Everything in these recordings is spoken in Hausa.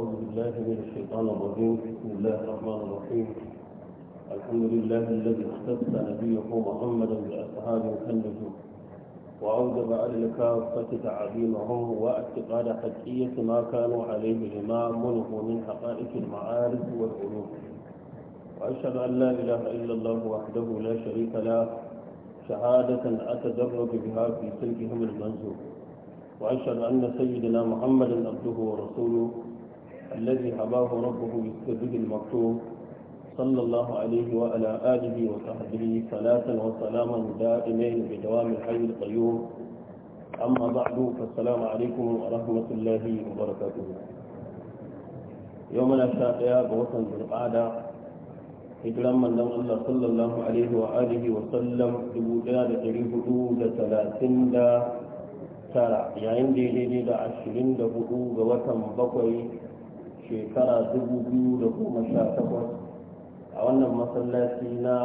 أعوذ بالله من الشيطان الرجيم بسم الله الرحمن الرحيم الحمد لله الذي اختص نبيه محمدا بأصحاب كالنجوم وأوجب على الكافة تعظيمهم واعتقاد حجية ما كانوا عليه لما منه من حقائق المعارف والعلوم وأشهد أن لا إله إلا الله وحده لا شريك له شهادة أتدرج بها في سلكهم المنزول وأشهد أن سيدنا محمدا عبده ورسوله الذي هباه ربه بالصدق المكتوب صلى الله عليه وعلى آله وصحبه صلاة وسلاما دائمين بدوام الحي القيوم أما بعد فالسلام عليكم ورحمة الله وبركاته يوم الشاقية بوطن بالقعدة hijiran manzon Allah sallallahu alaihi wa alihi wa sallam 1439 yayin da ya daidai da 24 ga watan bakwai shekara 2018 a wannan masallaci na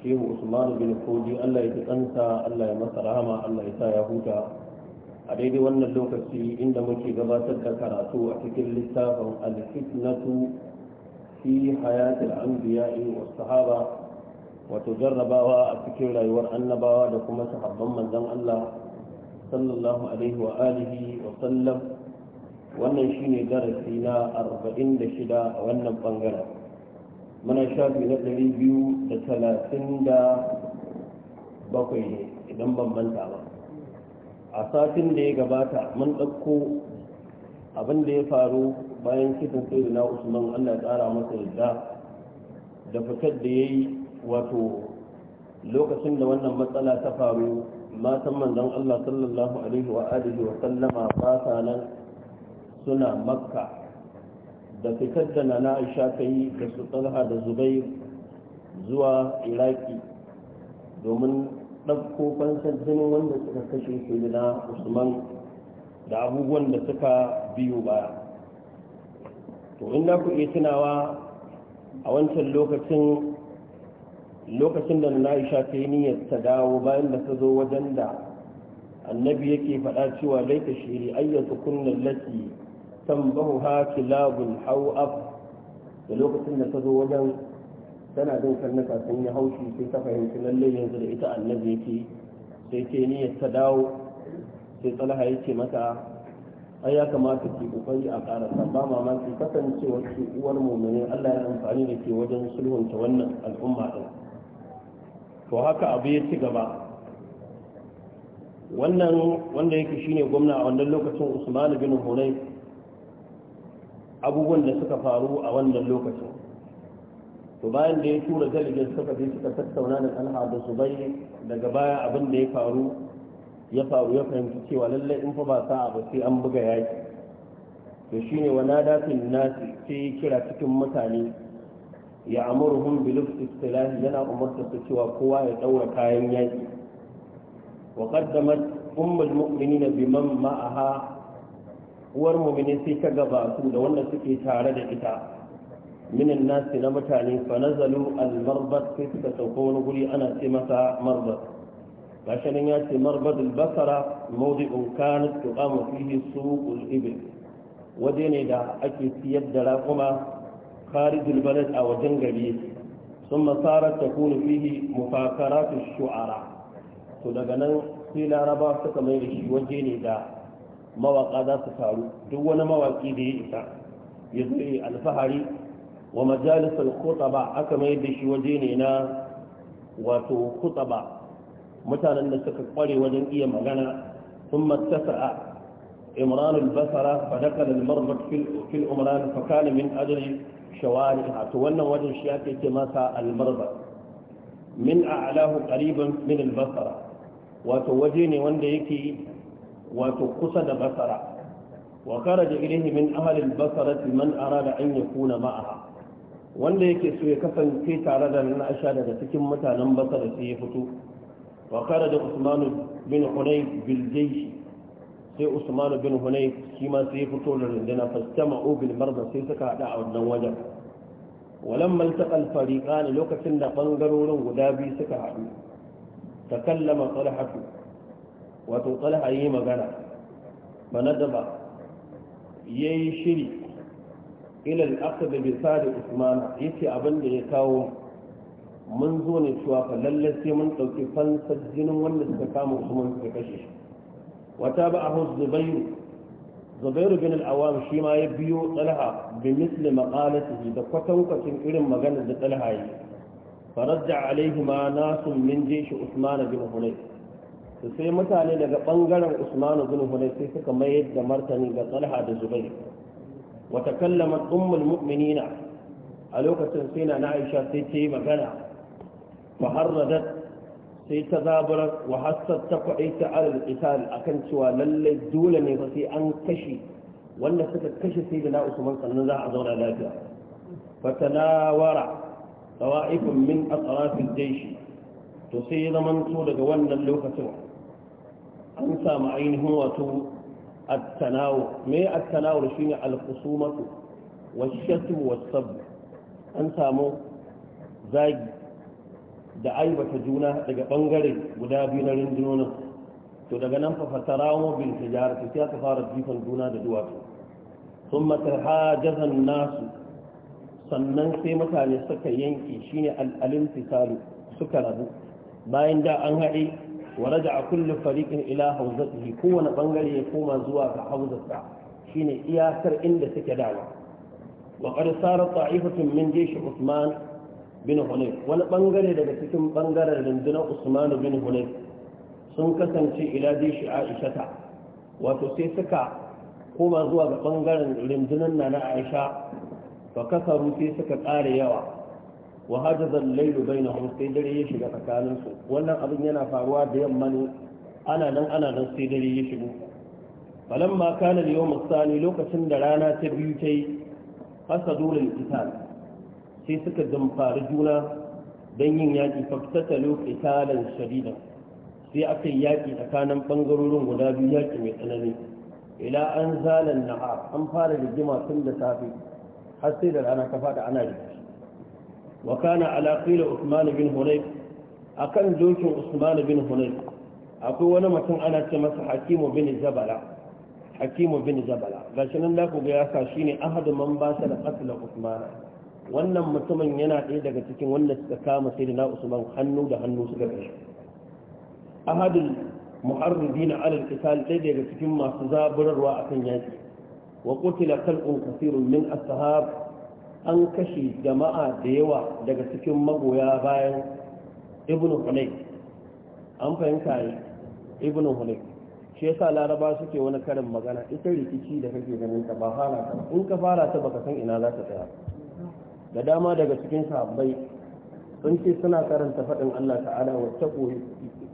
shehu usman bin kodi allah ya tsanta allah ya masa rahama allah ya sa ya huta a daidai wannan lokaci inda muke gabatar da karatu a cikin littafin alfitnatu fi hayatul anbiya'i was sahaba wato jarrabawa a cikin rayuwar annabawa da kuma sahabban manzon Allah sallallahu alaihi wa alihi wa sallam wannan shi shine darasi na 46 a wannan bangaren muna shafi na 237 ne idan ban banta ba a satin da ya gabata mun ɗauko abin da ya faru bayan kitan sai na usman allah tsara masa yadda da fitar da ya yi wato lokacin da wannan matsala ta faru matan manzon allah sallallahu alaihi wa alihi wa sallama ba sa nan suna makka da fitar da nana aisha ta yi da su talha da zubair zuwa iraki domin ɗauko fansar jinin wanda suka kashe su na usman da abubuwan da suka biyo baya to in ku iya tunawa a wancan lokacin lokacin da na aisha ta yi niyyar ta dawo bayan da ta zo wajen da annabi yake faɗa cewa laita shiri ayyatu kunnan lati tambahuha kilabun hau af da lokacin da ta zo wajen tana jin karnuka sun yi haushi sai ta fahimci lalle yanzu da ita annabi yake sai ni ya ta dawo sai talha ya ce mata ai ya kamata ki kokari a karasa ba mamaki kasancewa ki uwar mu'minin Allah ya amfani da ke wajen sulhunta wannan al'umma din to haka abu ya ci gaba wannan wanda yake shine gwamna a wannan lokacin Usman bin Hunayf abubuwan da suka faru a wannan lokacin to bayan da ya tura dalibin suka je suka tattauna da talha da su bai daga baya abin da ya faru ya faru ya fahimci cewa lallai in fa ba sa'a ba sai an buga yaki to shine wa nadatin nasi sai ya kira cikin mutane ya amurhum bil istilah yana umarta su cewa kowa ya daura kayan yaki wa qaddamat ummul mu'minina biman ma'aha uwar mumini sai ta gaba su da wanda suke tare da ita minin nasi na mutane fa nazalu al-marbat sai suka sauko wani guri ana ce masa marbat gashi nan ya ce marbat al-basara mawdi'un kanat tuqamu fihi suqul ibil waje ne da ake siyar da raƙuma خارج البلد أو shu'ara to daga nan sai مفاكرات suka mai da shi waje ne da. mawaka za su taru duk wani mawaki da ya isa ya zai alfahari wa majalisar khutaba aka mai da shi waje ne na wato khutaba mutanen da suka kware wajen iya magana sun a imran al-basara fa dakala al fil umran fa kana min ajli shawari'a to wannan wajen shi ake ce masa al-marbat min a'lahu qariban min albasara wato waje ne wanda yake wato kusa da basara wa kharaja ilayhi min ahli al-basarati man da an kuna ma'aha wanda yake so ya kasance tare da nan asha daga cikin mutanen basara sai ya fito wa da usman bin hunayf bil sai usman bin hunayf shi ma sai ya fito da rundunar fastama'u bil marda sai suka hada a wannan wajen ولما التقى الفريقان لوكتن بانغرورن غدا بي سكا حدو تكلم طلحه wato talha yi magana bana ba ya yi shiri ilal aka da bisa da usmana ya ce abin ya kawo mun zo ne cewa fa lalle sai mun ɗauki fansar jinin wanda suka kama usman suka kashe wata ba a hau zubairu zubairu bin al'awam shi ma ya biyo talha bi misli maƙalatihi da kwatankwacin irin maganar da talha yi alaihi ma ناس من جيش usmana bin حنيف sai mutane daga bangaren usmanu bin hunay sai suka mayar da martani ga talha da zubair wa takallamat ummul mu'minina a lokacin sai na aisha sai ta yi magana fa harradat sai ta zaburar wa hassar ta kwaɗai ta alal qital akan cewa lallai dole ne fa sai an kashe wanda suka kashe sai da na usman sannan za a zauna lafiya fatanawara طوائف من أطراف ya تصير daga wannan lokacin. an samu ainihin wato at-tanawu me at-tanawu shine al-khusumatu wash-shatm was-sabb an samu zagi da aibata juna daga bangare guda biyu na rundunonin to daga nan fa fatarawo bil tijarati sai ta fara jifan juna da duwatsu thumma tarhajaza nasu sannan sai mutane suka yanke shine al Salu suka rabu bayan da an haɗe wa raja a kulle fariƙin ila hauzatihi kowane ɓangare ya koma zuwa ga hauzarsa shine iyakar inda suke dawa wa ƙarsar ta'ifatun min jeshi usman bin hulay wani ɓangare daga cikin ɓangaren rundunar usman bin hulay sun kasance ila jeshi aisha ta wato sai suka koma zuwa ga ɓangaren rundunar na na aisha fa kasaru sai suka ƙara yawa wa hajaza al bainahum sai dare ya shiga tsakanin su wannan abin yana faruwa da yamma ne ana nan ana nan sai dare ya shigo falamma kana al-yawm ath lokacin da rana ta biyu ta yi fasadu lil-qital sai suka damfari juna dan yin yaki faktatalu qitalan shadidan sai aka yi yaƙi tsakanin ɓangarorin guda biyu yaki mai tsanani ila an zalan nahar an fara rigima tun da safe har sai da rana ta fada ana rigima wa kana ala qila usman bin hunayf akan dokin usman bin hunayf akwai wani mutum ana ce masa hakimu bin zabala hakimu bin zabala gashi nan da ku ga yasa shine ahadu man ba sa da qatl usman wannan mutumin yana ɗaya daga cikin wanda suka kama sai na usman hannu da hannu suka kashe ahadul muharridin ala al-qital ɗaya daga cikin masu zaburarwa akan yaki wa qutila khalqun kathirun min ashab an kashe jama'a da yawa daga cikin magoya bayan ibn hunay an fahimta ne ibn hunay shi yasa laraba suke wani karin magana ita rikici da kake ganin ta ba fara ta in ka fara ta baka san ina za ta tsaya da dama daga cikin sahabbai sun ce suna karanta faɗin Allah ta'ala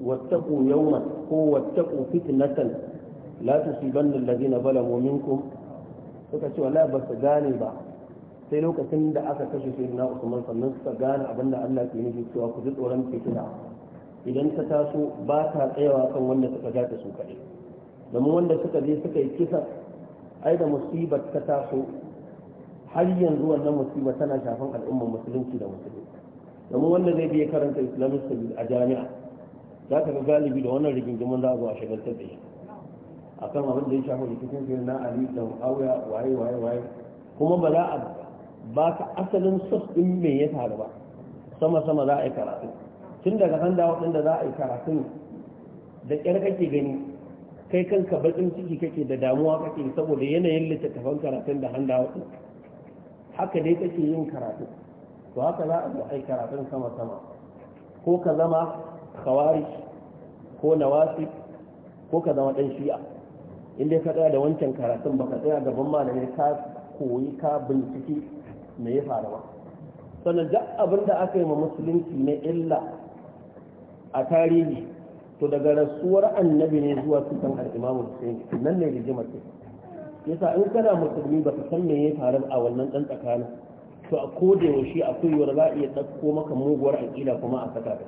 wattaqu yawma ko wattaqu fitnatan la tusibanna alladhina zalamu minkum suka ce wallahi ba su gane ba sai lokacin da aka kashe sai na usman sannan suka gane abin da allah ke nufi cewa ku ji tsoron fitina idan ta taso ba ta tsayawa kan wanda suka ja ta su kaɗai domin wanda suka je suka yi kisa ai da musibar ta taso har yanzu wannan musibar tana shafan al'ummar musulunci da musulunci domin wanda zai biya karanta islamic studies a jami'a za ka ga galibi da wannan rigingimin za a zo a shagaltar da shi akan abin da ya shafa rikicin sai na ali da auya waye waye waye kuma ba za a ba ka asalin sos ɗin me ya faru ba sama-sama za a yi karatu tun daga handa waɗanda za a yi karatu da ƙyar kake gani kai kanka baƙin ciki kake da damuwa kake saboda yanayin littattafan karatun da handa waɗin haka dai kake yin karatu to haka za a zo a yi karatun sama-sama ko ka zama kawari ko nawasi ko ka zama ɗan shi'a in dai ka tsaya da wancan karatun ba ka tsaya gaban malamai ka koyi ka bincike me ya faru sannan duk abin da aka yi ma musulunci na illa a tarihi to daga rasuwar annabi ne zuwa cikin al'imamu sai nan ne rigimar ce yasa in kana musulmi ba ka san me ya faru a wannan dan tsakanin to a koda yaushe akwai yiwuwar za a iya ɗauko maka muguwar aƙida kuma a saka ka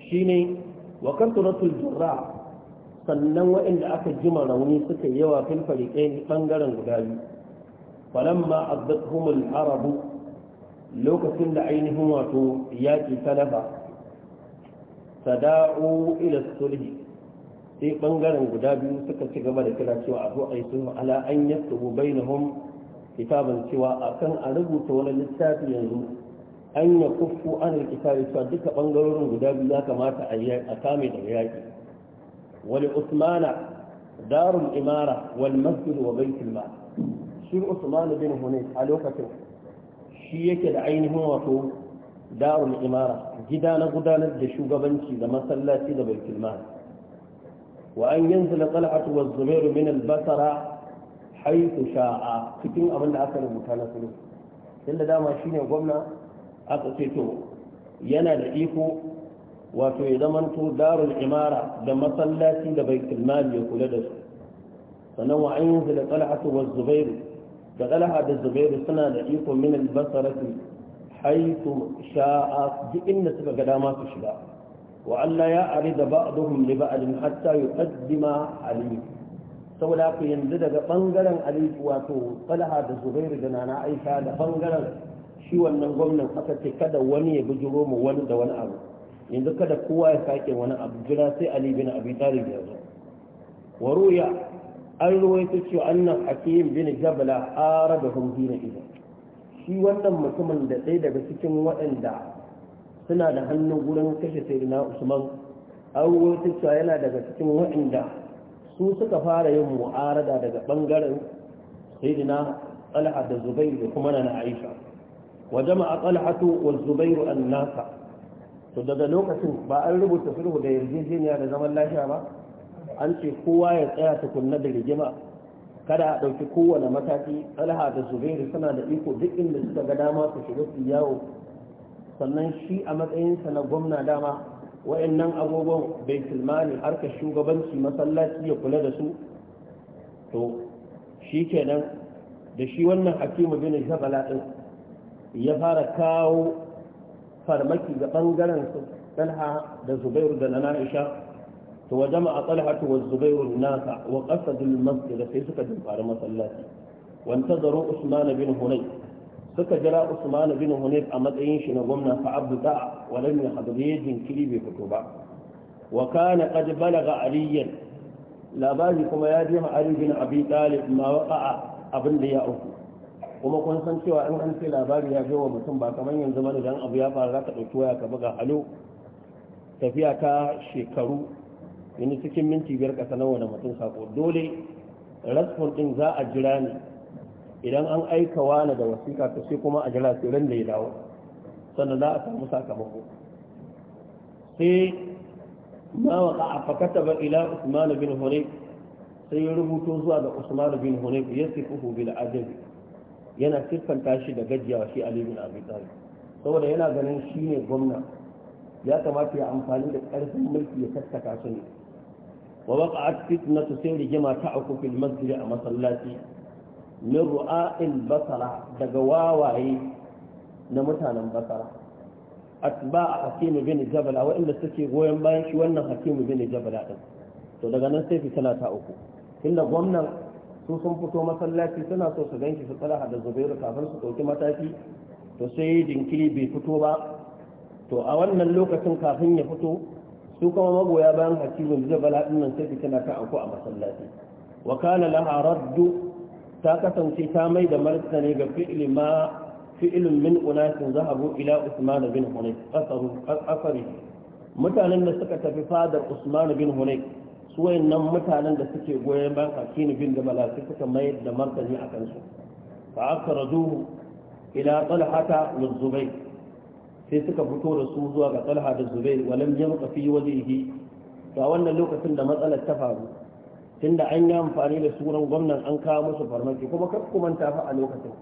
ciki ne, wa rasul jura sannan waɗanda aka jima rauni suka yawa fil fariqain bangaren guda biyu falamma addathum al-arab lokacin da ainihin wato yaki talaba sada'u ila sulhi sai bangaren guda biyu suka ci gaba da kira cewa a zo a yi ala an yaktubu bainahum kitaban cewa akan a rubuta wani littafi yanzu an ya kufu an cewa duka bangarorin guda biyu ya kamata a kame daga yaki wal usmana darul imara wal masjid wa baitul mal shi Usman bin Hunayf a lokacin shi yake da ainihin wato darul imara gida na gudanar da shugabanci da masallaci da baitul mal wa an yanzu yanzila tal'atu wa zubairu min al-basra haythu sha'a cikin abin da aka rubuta na sulhu inda dama shine gwamna aka ce to yana da iko wato ya zamanto darul imara da masallaci da baitul mal ya kula da su sannan wa an yanzu yanzila tal'atu wa zubairu da da zubairu suna da iko min albasarati haitu sha'a duk inda suka ga dama su shiga wa Allah ya ari da ba'duhum li ba'din hatta yuqaddima ali saboda haka yanzu daga bangaren ali wato ɗalaha da zubairu da nana aisha da bangaren shi wannan gwamnan aka ce kada wani ya bijiro mu wani da wani abu yanzu kada kowa ya sake wani abu jira sai ali bin abi talib ya zo wa ruya an ruwaito cewa annan hakim bin jabala ara da hungina ido shi wannan mutumin da ɗaya daga cikin waɗanda suna da hannun gudun kashe sayyidina usman an ruwaito cewa yana daga cikin waɗanda su suka fara yin mu'arada daga ɓangaren na talha da zubairu da kuma na aisha wa jama'a to wa zubairu an nasa to daga lokacin ba an rubuta sulhu da yarjejeniya da zaman lafiya ba an ce kowa ya tsaya tukunna da rigima kada a ɗauki kowane mataki talha da zubairu suna da iko duk inda suka ga dama su shiga su yawo sannan shi a matsayinsa na gwamna dama wa'annan agogon bai filmani harka shugabanci masallaci ya kula da su to shi kenan da shi wannan hakimu bin shabala ɗin ya fara kawo farmaki ga ɓangarensu su da zubairu da na naisha to wa jama'a talhatu wa zubairu nasa wa qasadul masjid sai suka dinfari masallaci wanta zaro usman bin hunayf suka jira usman bin hunai a matsayin shi na gwamna fa abda wa lam yahdhi jinkiri bai fito ba wa kana qad balagha aliyan labari kuma ya jima ma ali bin abi talib ma waqa'a abin da ya uku kuma kun san cewa in an ce labari ya kai wa mutum ba kamar yanzu bane dan abu ya faru zaka dauki waya ka buga halo tafiya ta shekaru yanzu cikin minti biyar ka sanar da mutum sako dole rasfon din za a jira ne idan an aika wani da wasiƙa ta sai kuma a jira sai ran da ya dawo sannan za a samu sakamako sai ma a fakata ba ila usman bin hore sai ya rubuto zuwa ga usman bin hunayf ya sifuhu bil ajabi yana siffanta shi da gajiyawa shi ali bin abi talib saboda yana ganin shi ne gwamna ya kamata ya amfani da ƙarfin mulki ya tattaka su ne wa waqa'at fitnatu sai rigima ta aku fil masjid a masallaci min ru'a'il basara daga wawaye na mutanen basara atba hakimu bin jabala wa'inda suke goyon bayan shi wannan hakimu bin jabala din to daga nan sai fitina ta uku tunda gwamnan su sun fito masallaci suna so su ganki su tsalaha da zubairu kafin su ɗauki mataki to sai jinkiri bai fito ba to a wannan lokacin kafin ya fito su kuma magoya bayan hakimin jabala din nan sai tana ta anko a masallaci wa kana laha raddu ta kasance ta mai da martani ga fi'li ma fi'lun min unasin zahabu ila usman bin hunayf qasaru qasari mutanen da suka tafi fadar usman bin hunayf su wayannan mutanen da suke goyen bayan hakimin bin jabala sai suka mai da martani akan su fa akraduhu ila talhata min zubayr sai suka fito da su zuwa ga talha da zubair walam yabqa fi wajhihi to a wannan lokacin da matsalar ta faru tunda an yi amfani da suran gwamnan an kawo musu farmaki kuma kar ku manta fa a lokacin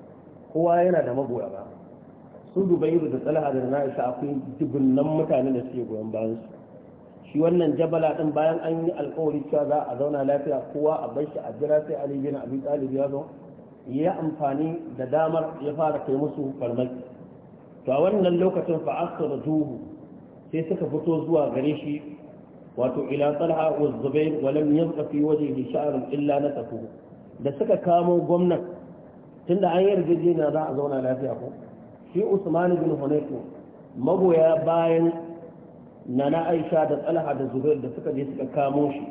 kowa yana da magoya ba su dubairu da talha da naisa akwai dubunnan mutane da suke goyon bayan su shi wannan jabala din bayan an yi alkawari cewa za a zauna lafiya kowa a bar shi a jira sai ali bin abi talib ya zo ya amfani da damar ya fara kai musu farmaki to a wannan lokacin da asratuhu sai suka fito zuwa gare shi wato ila Tsalha wa zubair wa lam yabqa fi wajhihi sha'run illa na natafu da suka kamo gwamnati tunda an yarjejena za a zauna lafiya ko shi usman bin hunayku magoya bayan nana aisha da Tsalha da zubair da suka je suka kamo shi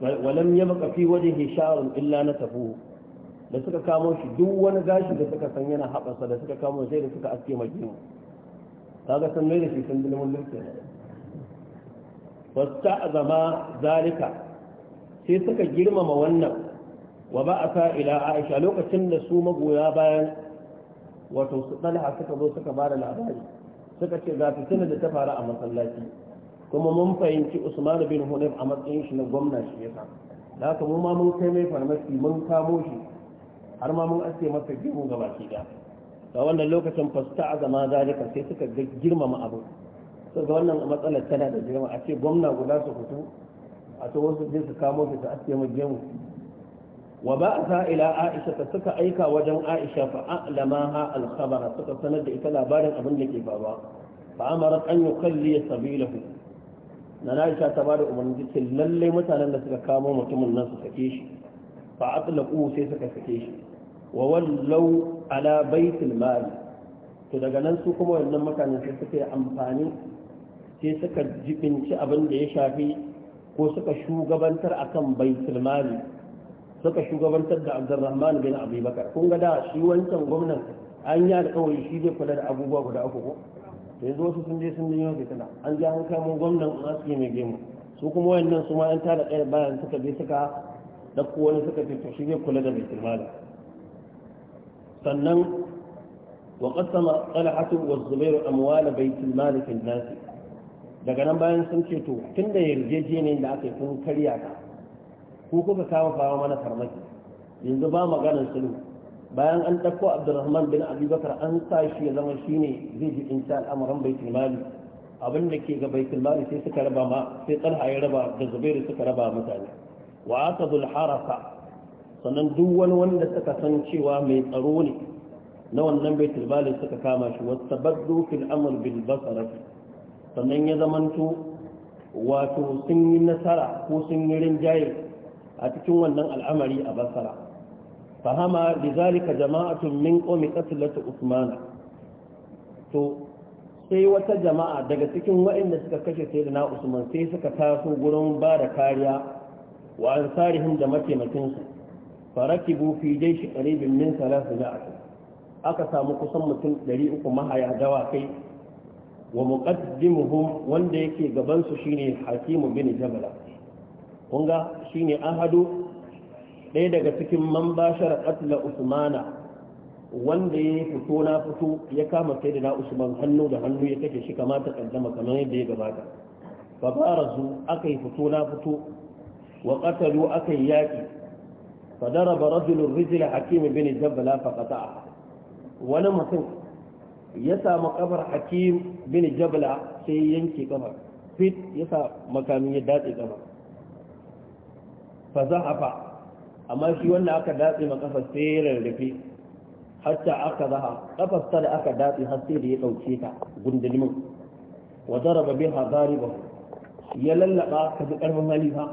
wa lam yabqa fi wajhihi sha'run illa na natafu da suka kamo shi duk wani gashi da suka san yana haɓasa da suka kamo sai da suka aske maki mu kaga san mai da shi sun bilmin lurke ne wasta azama zalika sai suka girmama wannan wa ba a ila aisha lokacin da su magoya bayan wato su ɗalha suka zo suka ba da labari suka ce ga fitina da ta faru a masallaci kuma mun fahimci usman bin hunayf a matsayin shi na gwamna shi yasa da haka mu ma mun kai mai farmaki mun kamo shi har ma mun aske masa gemu ga baki da ga wannan lokacin fasta azama zalika sai suka girmama abu sai ga wannan matsalar tana da girma a ce gwamna guda su fito a to wasu je su kamo su ta aske mu gemu wa ba sa ila aisha ta suka aika wajen aisha fa a'lamaha al-khabara suka sanar da ita labarin abin da ke baba fa amara an yukalli sabilahu na aisha ta bada umarni cikin lalle mutanen da suka kamo mutumin nan su sake shi fa atlaqu sai suka sake shi wa wallau ala baitul mali to daga nan su kuma wannan mutanen sai suka yi amfani sai suka jibinci abin da ya shafi ko suka shugabantar akan baitul mali suka shugabantar da Abdurrahman bin Abi Bakar kun ga da shi wancan gwamnan an yi alƙawari shi zai kula da abubuwa guda uku ko to yanzu wasu sun je sun janyo kana an ji an kama gwamnan an aske mai gemu su kuma wayannan su ma an tada ɗaya bayan suka je suka dakko wani suka ce shi zai kula da baitul mali sannan wa qasama talhatu wa zubairu amwal baitul mal fi nas daga nan bayan sun ce to tunda yarjejeniyar da aka yi kun karya ka Ko kuka kawo fawa mana farmaki yanzu ba maganar sulhu bayan an ɗauko abdurrahman bin abubakar an sa shi ya zama shine zai ji in sha al'amuran baitul mali abin da ke ga baitul mali sai suka raba ma sai talha ya raba da zubairu suka raba mutane wa aka harasa sannan duk wani wanda suka san cewa mai tsaro ne na wannan bai tilbali suka kama shi Wasu baddu fil amur bil basara sannan ya zamanto wato sun yi nasara ko sun yi rinjaye a cikin wannan al'amari a basara fahama zalika jama'atun min qawmi qatlati usman to sai wata jama'a daga cikin waɗanda suka kashe sai na usman sai suka taso gurin ba da kariya wa ansarihim da mataimakinsu farakibu fi jaishi ƙaribin min salasina aka samu kusan mutum 300 mahaya dawakai wa muqaddimuhum wanda yake gaban su shine hakimu bin jabala kunga shine ahadu ɗaya daga cikin man bashar qatla usmana wanda ya fito na fito ya kama sai da usman hannu da hannu ya kashe shi kamata kaddama kamar yadda ya gabata fa barazu aka yi fito na fito wa qatalu aka yi yaƙi. فضرب رجل رجل حكيم بن جبل فقطعها wani mutum ya samu kabar hakim bin jabla sai yanke kabar fit ya sa makamin ya datse kabar fa amma shi wanda aka datse makafa sai rarrafe hatta aka zaha kafar ta da aka datse har sai da ya dauke ta gundulmin wa daraba ya lallaka ka halifa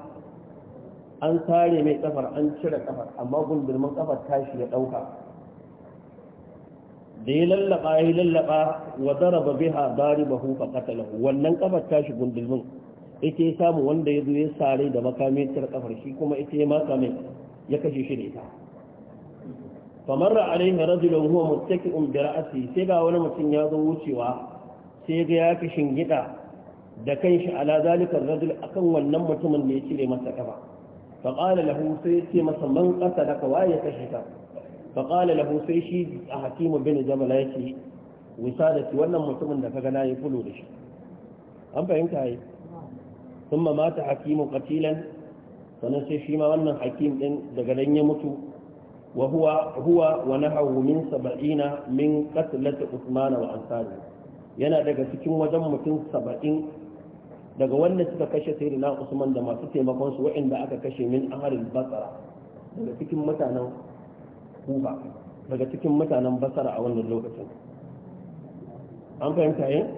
an sare mai kafar an cire kafar amma gundurman kafar tashi ya dauka da ya lallaba ya lallaba wa daraba biha daribahu fa qatalahu wannan kafar tashi gundurmin ita ya samu wanda ya zo ya sare da makamin cire kafar shi kuma ita ya maka mai ya kashe shi da ita famar alaihi rajulun huwa muttaki'un bi ra'si sai ga wani mutum ya zo wucewa sai ga ya kishin gida da kanshi ala zalikar rajul akan wannan mutumin da ya cire masa kafa فقال له سيتي مثلا من قتلك وآية كشفة فقال له سيشي حكيم بن جبل يتي وسادتي وانا مطمئن دفق لا يقولوا لشي أم فهمت هاي ثم مات حكيم قتيلا فنسيشي ما وانا حكيم دن دقلن يمتو وهو هو ونحوه من سبعين من قتلة عثمان وأنصاره yana daga cikin wajen mutum saba'in daga wanda suka kashe sai na usman da masu taimakon su waɗanda aka kashe min ahalil basara daga cikin mutanen kufa daga cikin mutanen basara a wannan lokacin an fahimta yin eh?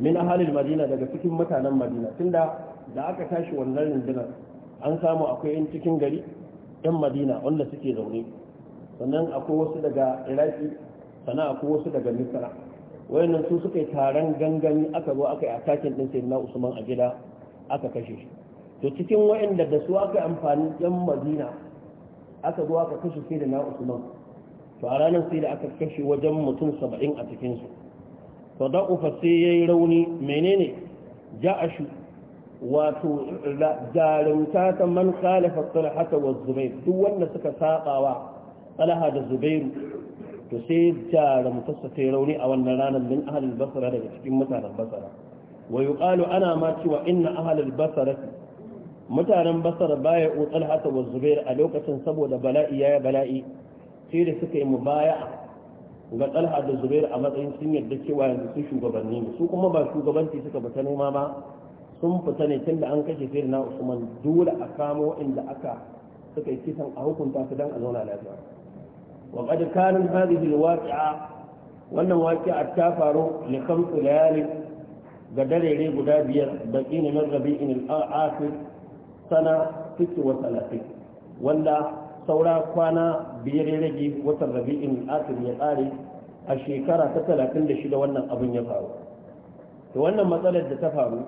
min ahalin madina daga cikin mutanen madina tunda da aka tashi wannan rundunar an samu akwai yan cikin gari yan madina wanda suke zaune sannan akwai wasu daga iraki sannan akwai wasu daga misra wayannan su suka yi taron gangami aka zo aka yi atakin din sayyidina usman a gida aka kashe shi to cikin wayanda da su aka amfani yan madina aka zo aka kashe sayyidina usman to a ranar sai da aka kashe wajen mutum saba'in a cikin su to da ufa sai ya yi rauni menene ja'ashu wato jarumta ta man khalafa salahata wa zubairu duk wanda suka wa salaha da zubairu to sai jaramtarsa ta rauni a wannan ranar min ahalin basara daga cikin mutanen basara wa ana ma cewa inna ahalin basara mutanen basara baya utsal hasa wa zubair a lokacin saboda bala'i ya bala'i sai da suka yi baya ga talha da zubair a matsayin sun yarda cewa yanzu sun shugabanni ne su kuma ba shugabanci suka fita nema ba sun fita ne tun da an kashe sai na usman dole a kamo inda aka suka yi kisan a hukunta su dan a zauna lafiya وقد كانت هذه الواقعة وأن واقعة تافر لخمس ليال قدر لي قدابية بقين من ربيع الآخر سنة 36 ولا saura kwana biyar rage watan rabi'in asir ya tsare a shekara ta talatin da shida wannan abin ya faru da wannan matsalar da ta faru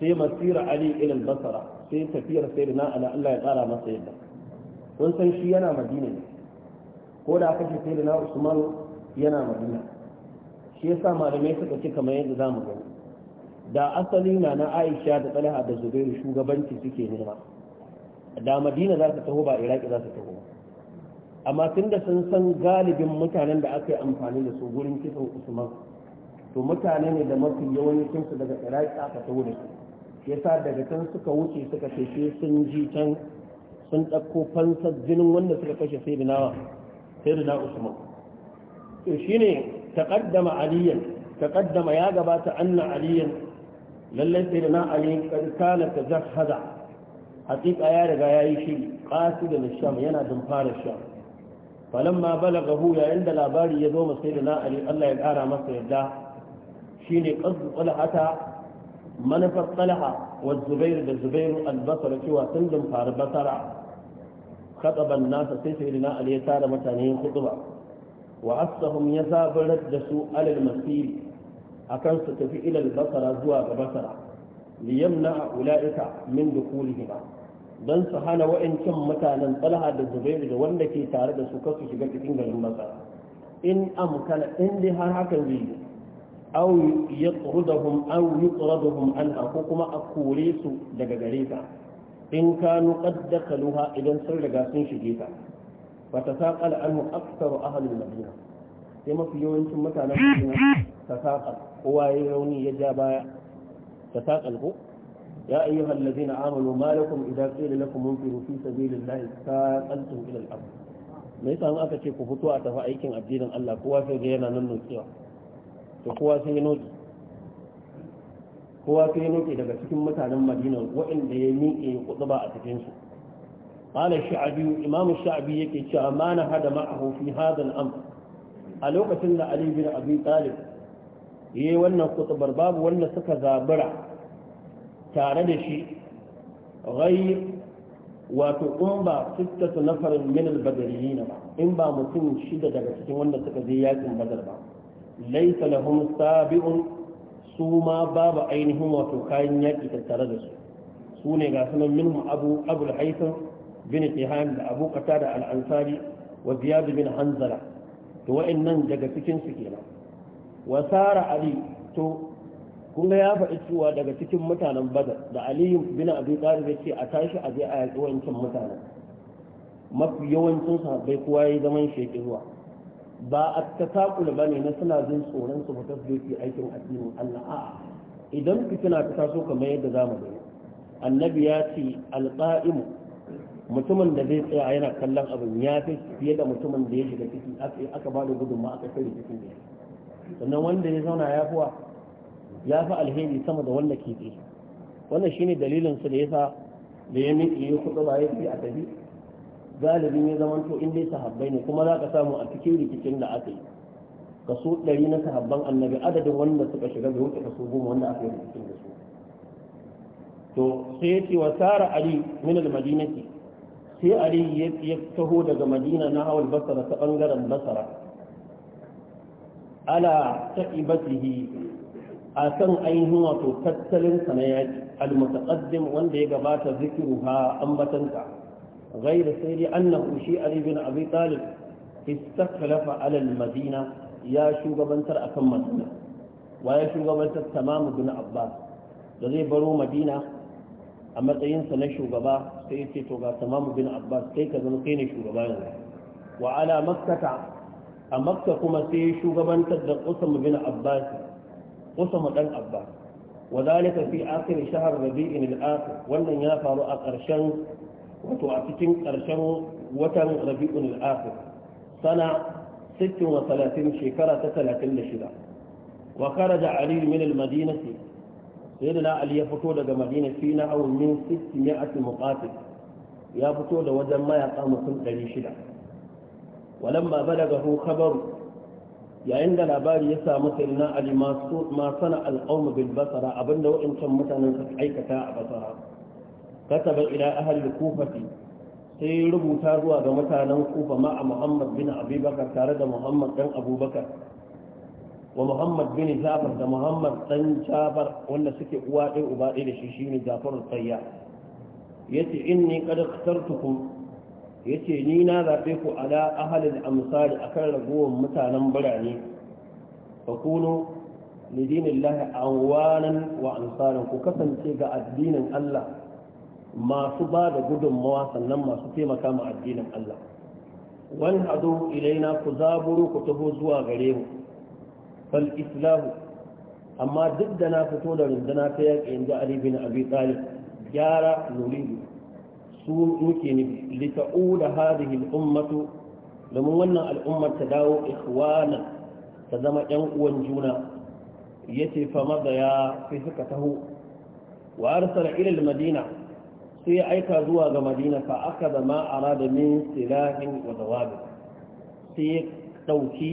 sai masira ali ilal basara sai tafiyar sai na ala Allah ya tsara masa yadda kun san shi yana madina ko da aka ce sai usman yana madina shi yasa malamai suka ce kamar yadda zamu gani da asali na na aisha da talha da zubairu shugabanci suke nema da madina za ta taho ba iraki za ta taho amma tun da sun san galibin mutanen da aka yi amfani da su gurin kisan usman to mutane ne da mafi yawancin su daga iraki aka taho da su yasa daga can suka wuce suka tafi sun ji can sun ɗauko fansar jinin wanda suka kashe sai nawa sayyidina usman to shine taqaddama aliyan taqaddama ya gabata anna aliyan lalle sayyidina ali kad kana tajahhada haqiqa ya riga yayi shi qasidan sham yana dumfara sham falamma balagahu yayin da labari ya zo masa sayyidina ali Allah ya kara masa yadda shine qazzu manufar manafar talaha wa zubair da zubair al-basra cewa sun dumfara basara khataban nasa sai sai na ali ya tara mutane khutba wa asahum ya zabarar da su alal masiri akan su tafi ilal basara zuwa ga basara a ulaika min dukulihima dan su hana wa'ancan mutanen talha da zubairu da wanda ke tare da su kasu shiga cikin garin basara in amkana in dai har hakan zai yi aw yatrudahum aw yutradahum anha ko kuma a kore su daga gare in kanu qad kaluha idan sun riga sun shige ta ba ta fa tasaqal anhu aktsaru ahli madina sai mafi yawancin mutanen madina tasaqal kowa ya rauni ya ja baya ta tasaqal ko يا أيها الذين آمنوا ما لكم إذا قيل لكم انفروا في سبيل الله ساقلتم إلى الأرض me yasa in aka ce ku fito a tafi aikin addinin Allah kowa sai ga yana nan nokewa to kowa sai ya noki kowa sai ya nuke daga cikin mutanen madina waɗanda ya miƙe ya a cikin a cikinsu ƙalar sha'abi imamu Shabi, yake cewa ma hada ma'ahu fi hadal am a lokacin da ali bin abi talib ya yi wannan kutubar babu wanda suka zabura tare da shi ghayr wato Umba, ba sittatu nafarin min al-badariyina ba in ba mutum shida daga cikin wanda suka je yakin badar ba laysa lahum sabi'un su ma babu ainihin wato kayan yaƙi tattare da su su ne ga sunan minhum abu abul haitham bin tihan da abu qatada al ansari wa ziyad bin hanzala to wa'annan daga cikin su kenan wa sara ali to kun ga ya faɗi cewa daga cikin mutanen badar da ali bin abi talib ce a tashi a je a yaƙi mutanen mafi yawancin sahabbai kowa yayi zaman sheki zuwa ba a tasakul ba ne na suna jin tsoron su mutas da aikin addinin Allah a'a idan fitina ta taso kamar yadda za mu gani annabi ya ce alqa'imu mutumin da zai tsaya yana kallon abin ya fi fiye da mutumin da ya shiga ciki aka ba da gudunma aka kai cikin da sannan wanda ya zauna ya fi ya fi alheri sama da wanda ke tsaye wannan shine dalilin su da yasa da ya miƙe ya kuɗa ba ya fi a tafi galibin ya zama to in dai sahabbai ne kuma za ka samu a cikin rikicin da aka yi kaso ɗari na sahabban annabi adadin wanda suka shiga bai wuce kaso goma wanda aka yi rikicin da su to sai ya ce wa tara ali min al-madinati sai ali ya taho daga madina na hawal basara ta bangaren basara ala taqibatihi a kan ainihin wato tattalin na yaki al-mutaqaddim wanda ya gabata ha ambatanta غير سيد أنه شيء علي بن أبي طالب استخلف على المدينة يا شو بنتر أكم مدينة ويا شو بنتر تمام بن عباس لذي برو مدينة أما تينسى نشو غبا سيسي توقع تمام بن عباس تيكا ذنقين شو غبا وعلى مكة أمكة كما سي شو بنتر قسم بن عباس قسم بن عباس وذلك في آخر شهر ربيع الآخر وأن ينفر أقرشان wato a cikin ƙarshen watan rabi'un al'afir sana 36 shekara ta 36 wa da ali min al-madinati sayyidina ali ya fito daga madina fi na awun min 600 muqatil ya fito da wajen mayaka mutum 600 walamma daga khabaru yayin da labari ya samu sayyidina ali ma sana al-qawm bil basara abinda wa'ancan mutanen suka aikata a basara kataba ila ahli kufati sai rubuta zuwa ga mutanen kufa ma'a muhammad bin abubakar tare da muhammad dan abubakar wa muhammad bin jafar da muhammad dan jafar wanda suke uwa ɗaya uba ɗaya da shi shine jafarun tsayya yace inni yace ni na zaɓe ku ala ahalin al a akan ragowar mutanen birane fa kunu lidinillahi anwanan wa ansaran ku kasance ga addinin Allah masu ba da gudunmawa sannan masu taimaka ma addinin Allah wani hado ilaina ku zaburo ku taho zuwa gare mu fal islahu amma duk da na fito da rundana ta yaƙi yanzu Ali bin Abi Talib gyara nuridu su muke nufi lita'uda hadhihi al-ummatu domin wannan al'ummar ta dawo ikhwana ta zama ƴan uwan juna yace fa ya fi suka taho wa arsala ila madina sai ya aika zuwa ga madina fa aka da ma'ara da min silahin wa zawabin sai ya ɗauki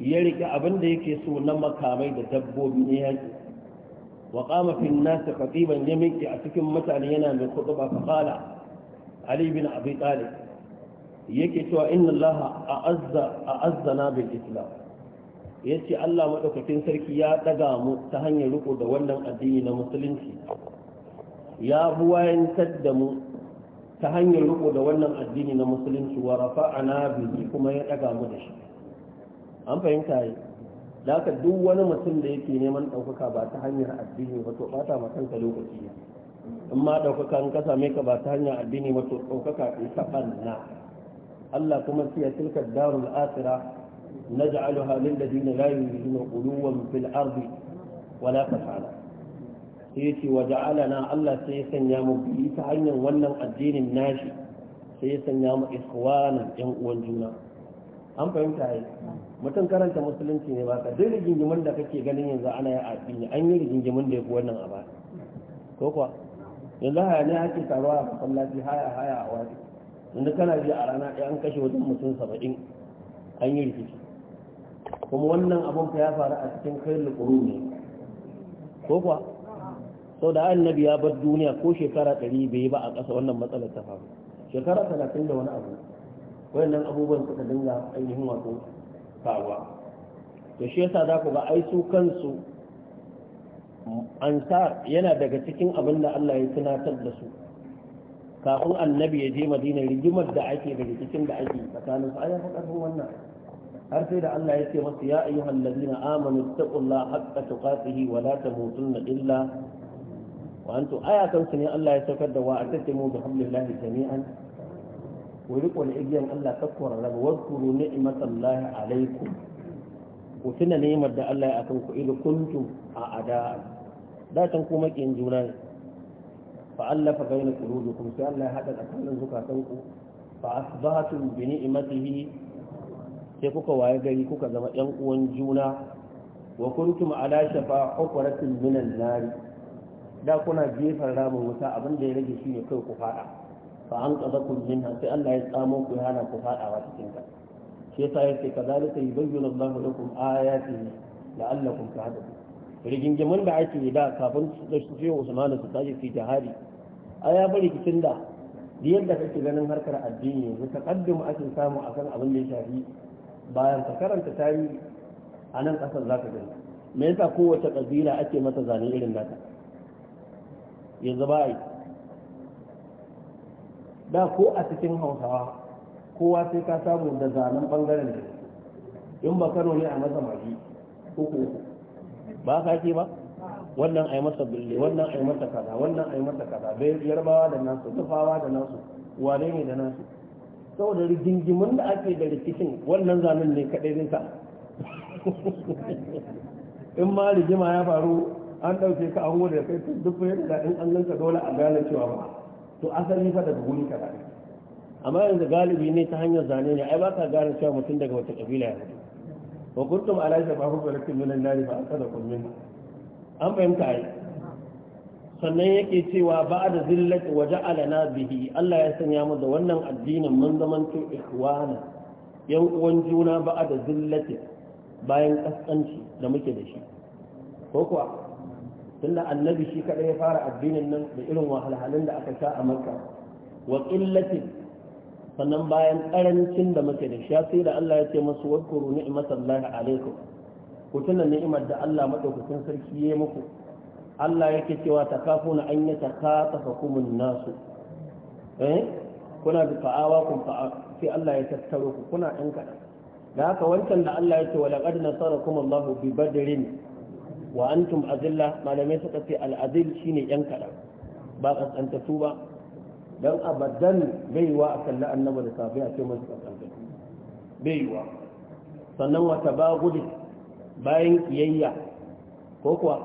ya riƙe abin da yake so na makamai da dabbobi ne yaƙi wa ƙama fin nasa katiban ya miƙe a cikin mutane yana mai kuɗi ba faƙala ali bin abi talib yake cewa inna allah a azzana bil islam ya ce allah maɗaukakin sarki ya ɗaga mu ta hanyar riƙo da wannan addini na musulunci ya buwayantar da mu ta hanyar riko da wannan addini na musulunci wa rafa'ana bihi kuma ya daga mu da shi an fahimta yi da haka duk wani mutum da yake neman ɗaukaka ba ta hanyar addini ba to ɓata ma kanka lokaci ya in ma ɗaukaka in ka same ka ba ta hanyar addini ba to ɗaukaka in ka na? Allah kuma siya tilkar darul asira da dina ladina yi na ƙuluwan fil ardi wala fasala sai waje wa ja'alana Allah sai ya sanya mu bi ta hanyar wannan addinin nashi sai ya sanya mu ikhwanan ɗan uwan juna an fahimta yi mutum karanta musulunci ne ba ka duk rigingimin da kake ganin yanzu ana yi a addini an yi rigingimin da ya fi wannan a baya ko kuwa yanzu haya ne ake taruwa a lafi haya haya a wani yanzu kana ji a rana ɗaya an kashe wajen mutum saba'in an yi rikici kuma wannan abin ka ya faru a cikin kai lukuru ne ko kuwa sau da annabi ya bar duniya ko shekara ɗari bai ba a ƙasa wannan matsalar ta faru shekara talatin da wani abu wayannan abubuwan suka dinga ainihin wato faruwa to shi yasa za ku ga ai su kansu ansar yana daga cikin abin da Allah ya tunatar da su kafin annabi ya je madina rigimar da ake da rikicin da ake tsakanin su ai fa karfin wannan har sai da Allah ya ce masa ya ayyuhal ladina amanu taqullaha haqqa tuqatihi wa la tamutunna illa wa antu aya kan ne Allah ya saukar da wa atakimu bi hablillahi jami'an ku riko da igiyan Allah tsakkura rabu wadkuru ni'matallahi alaikum ku tuna ni'imar da Allah ya akan ku idu kuntum a ada da tan kuma makiyin juna ne fa allafa baina qulubikum sai Allah ya hada tsakanin zukatan ku fa asbahatum bi ni'matihi sai kuka waye gari kuka zama yan uwan juna wa kuntum ala shafa hukratin minan nari da kuna gefen ramin wuta abin da ya rage shi ne kai ku fada fa an kaza ku minha sai Allah ya tsamo ku hana ku fadawa cikin ta shi yasa yake kazalika yubayyinu Allahu lakum ayatihi la'allakum tahtadun rigingimin da ake da kafin da su fiye Usman su tashi fi jihadi a ya bari kicin da yadda kake ganin harkar addini yanzu taqaddum ake samu akan abin da ya shafi bayan ka karanta tarihi a nan za ka gani me yasa kowace kabila ake mata zane irin nata yanzu ba yi da ko a cikin hausawa kowa sai ka samu da zanen bangaren da in ba kano ne a masa magi uku ba ka ke ba wannan a yi masa bille wannan a yi masa kaza wannan a yi masa kaza bai yarbawa da nasu tufawa da nasu wane ne da nasu saboda rigingimin da ake da rikicin wannan zanen ne kaɗai zinka in ma rigima ya faru an ɗauke ka an wuri da kai tun duk wani da daɗin an ganka dole a gane cewa ba to asali fa daga guri ka ne amma yanzu galibi ne ta hanyar zane ne ai ba ka gane cewa mutum daga wata ƙabila ya fito wa kuntum ala hukumar barakin nuna nari ba a da kulmin an fahimta ai sannan yake cewa ba da zillat wa ja'alana bihi Allah ya sanya mu da wannan addinin mun to ikhwana yan uwan juna ba da zillat bayan kaskanci da muke da shi ko kuwa Tun da annabi shi kaɗai ya fara addinin nan da irin wahalhalun da aka sha a makka wa qillati sannan bayan karancin da muke da shi sai da Allah ya ce masu wadkuru ni'matallahi alaikum ku tuna ni'imar da Allah madaukakin sarki ya muku Allah yake cewa ta takafuna an yi ta takatafakumun nasu eh kuna da fa'awa kun fa'a sai Allah ya tattaro ku kuna ɗan kaɗan da haka wancan da Allah ya ce wa laqad kuma Allahu bi badirin. wa antum azilla malamai suka ce shi shine yan kaɗan ba kaskantattu ba don abadan baiwa a kalli annaba da safi a ce masu kaskantattu baiwa sannan wata ba gudun bayan kiyayya ko kuwa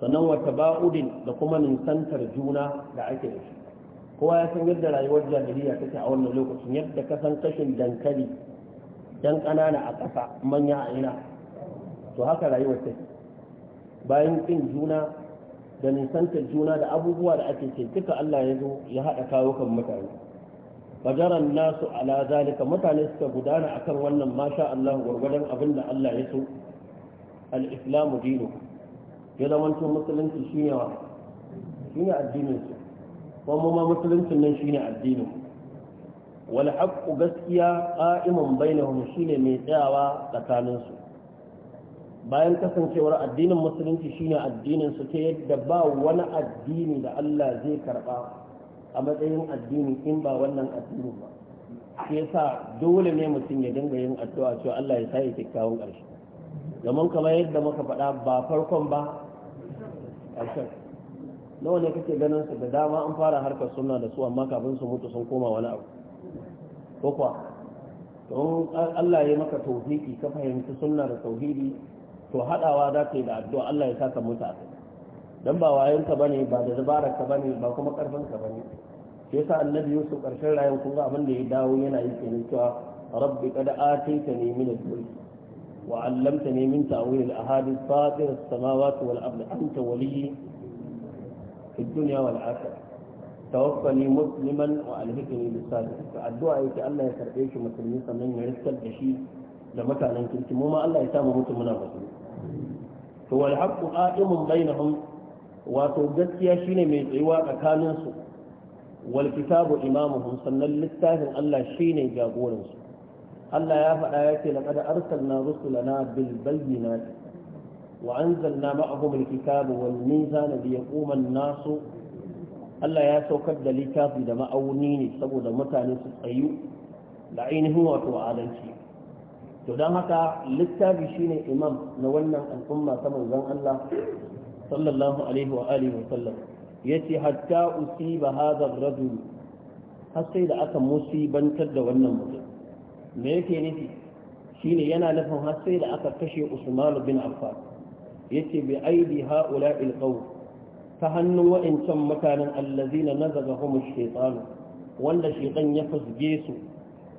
sannan wata ba'udin da kuma nisantar juna da ake da shi kowa ya san yadda rayuwar jahiliya take a wannan lokacin yadda ka san kashin dankali dan ƙanana a ƙasa manya a ina to haka rayuwar take bayan kin juna da nisantar juna da abubuwa da ake ce duka Allah ya zo ya haɗa kawo kan mutane fajaran nasu ala zalika mutane suka gudana akan wannan masha Allah gwargwadon abin da Allah ya so al-islamu dinu ya musulunci shine wa shine addinin su kuma ma musuluncin nan shine addinin wal haqqu gaskiya qa'imun bainahum shine mai tsayawa tsakanin su bayan kasancewar addinin musulunci shine addinin su ta yadda ba wani addini da Allah zai karba a matsayin addini in ba wannan addini ba shi yasa dole ne mutum ya dinga yin addu'a cewa Allah ya sa ya kyakkyawan ƙarshe domin kamar yadda muka faɗa ba farkon ba ƙarshen nawa ne kake ganin su da dama an fara harkar sunna da su amma kafin su mutu sun koma wani abu ko kuwa don Allah ya maka tauhidi ka fahimci sunna da tauhidi to haɗawa za ta yi da addu'a Allah ya saka mutu a kai dan ba ba ne, ba da ba ne, ba kuma ba ne. sai sa annabi Yusuf ƙarshen rayuwar kun ga abin da ya dawo yana yi kenan cewa rabbi qad ta min al-mulk wa 'allamtani min ta'wil al-ahadith fatir as-samawati wal ardi Ta waliyyi fid dunya wal akhirah tawaffani musliman wa alhiqni bis salihin to addu'a yake Allah ya karbe shi musulmi sannan ya riskar da shi da mutanen kirki mu ma Allah ya samu mutum muna basu to wal haqqu qa'imun bainahum wato gaskiya shine mai tsayuwa tsakanin su wal kitabu imamuhum sannan littafin Allah shine jagoran su Allah ya faɗa yake laqad arsalna rusulana bil bayyinati wa anzalna ma'ahum al kitaba wal mizana liyaquma an-nasu Allah ya saukar da littafi da ma'auni ne saboda mutane su tsayu da ainihin wato adalci to don haka littafi shine imam na wannan al'umma ta manzon Allah sallallahu alaihi wa alihi wa sallam yace hatta usiba hadha ar-rajul har sai da aka musibantar da wannan mutum me yake nufi shine yana nufin har sai da aka kashe Usman bin Affan yace bi aidi ha'ula'il qawm ta hannun wa'ancan mutanen allazina nazagahum ash-shaytan wanda shaytan ya fusge su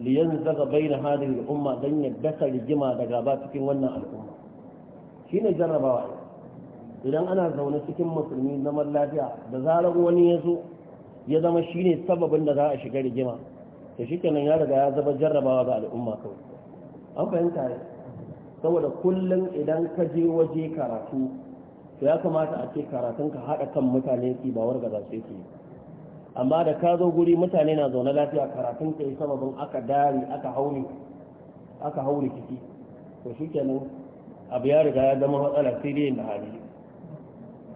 liyan zaga baina hadin al'umma don ya dasa rigima da gaba cikin wannan al'umma shi ne jarrabawa idan ana zaune cikin musulmi zaman lafiya da zarar wani ya zo ya zama shi ne sababin da za a shiga rigima da shi kenan ya riga ya zama jarrabawa ga al'umma kawai an fahimta ne saboda kullum idan ka je waje karatu to ya kamata a ce karatun ka haɗa kan mutane ki ba warga za su yi amma da ka zo guri mutane na zaune lafiya karatun ka yi sababin aka dari aka hauri aka kiki to shi kenan abu ya riga ya zama matsala sai dai da hali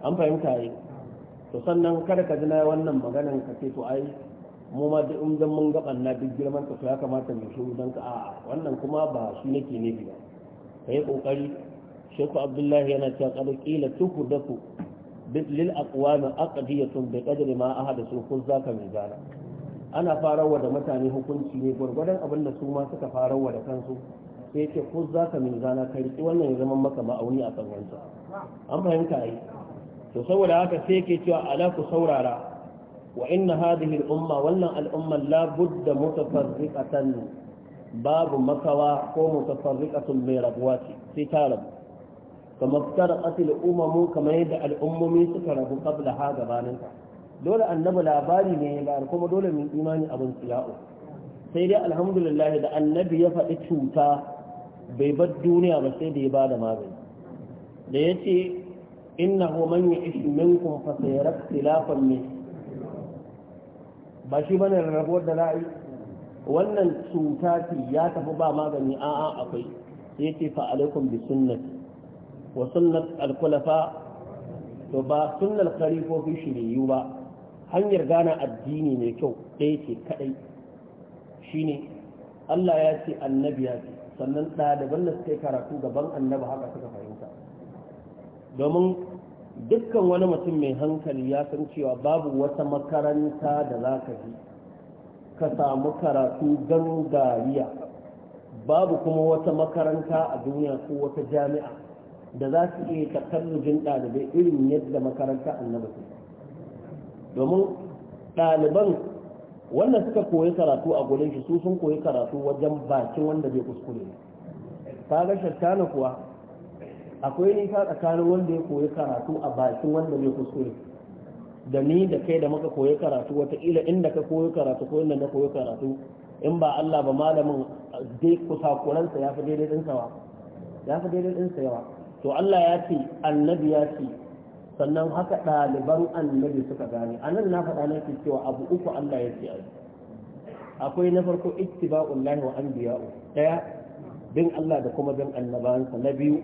an fahimta yi to sannan kada ka ji na wannan maganan ka ce to ai mu ma duk in mun ga na duk girman ka to ya kamata mu shiru dan ka a wannan kuma ba shi nake ne ba kai kokari sheku Abdullahi yana cewa kada kila tuhu daku lil aqwami aqdiyatun bi qadri ma ahadasu kun zaka mizana ana farawa da mutane hukunci ne gwargwadon abin da su ma suka farawa da kansu sai ce ko min zana ka riƙi wannan ya zama maka ma'auni a kan wancan an fahimta ai to saboda haka sai ke cewa ala ku saurara wa inna hadhihi al-umma wannan al-umma la budda mutafarriqatan babu makawa ko mutafarriqatun mai rabuwa ce sai ta rabu kama tarqatil umamu kamar yadda al'ummomi suka rabu kabla ha gabanin dole annabi labari ne ba kuma dole mun imani abin sila'u sai dai alhamdulillah da annabi ya faɗi cuta bai bar duniya ba sai da ya bada magani da yace innahu man ya'ish minkum fa sayara ikhtilafan min ba shi bane rabuwar da za'a wannan cuta ce ya tafi ba magani a'a akwai sai yace fa alaikum bi sunnati wa sunnat al kulafa to ba sunnal khalifofi shiriyu ba hanyar gane addini mai kyau ɗaya ce kadai shine Allah ya ce annabi ya ce sannan ɗaliban da suka karatu gaban annabi haka suka fahimta domin dukkan wani mutum mai hankali ya san cewa babu wata makaranta da za ka yi ka samu karatu gangariya babu kuma wata makaranta a duniya ko wata jami'a da za su iya jin ɗalibai irin yadda makaranta annabi su domin ɗaliban wanda suka koyi karatu a gurin shi su sun koyi karatu wajen bakin wanda bai kuskure ka ga shattana kuwa akwai nisa tsakanin wanda ya koyi karatu a bakin wanda bai kuskure da ni da kai da muka koyi karatu wataƙila inda ka koyi karatu ko inda na koyi karatu in ba Allah ba malamin dai kusakuransa ya fi daidai ya fi daidai ɗinsa yawa to Allah ya ce annabi ya ce sannan haka ɗaliban annabi suka gane a nan na faɗa nake cewa abu uku Allah ya ce akwai na farko ittiba'ul lahi wa anbiya'u daya bin Allah da kuma bin annabansa na biyu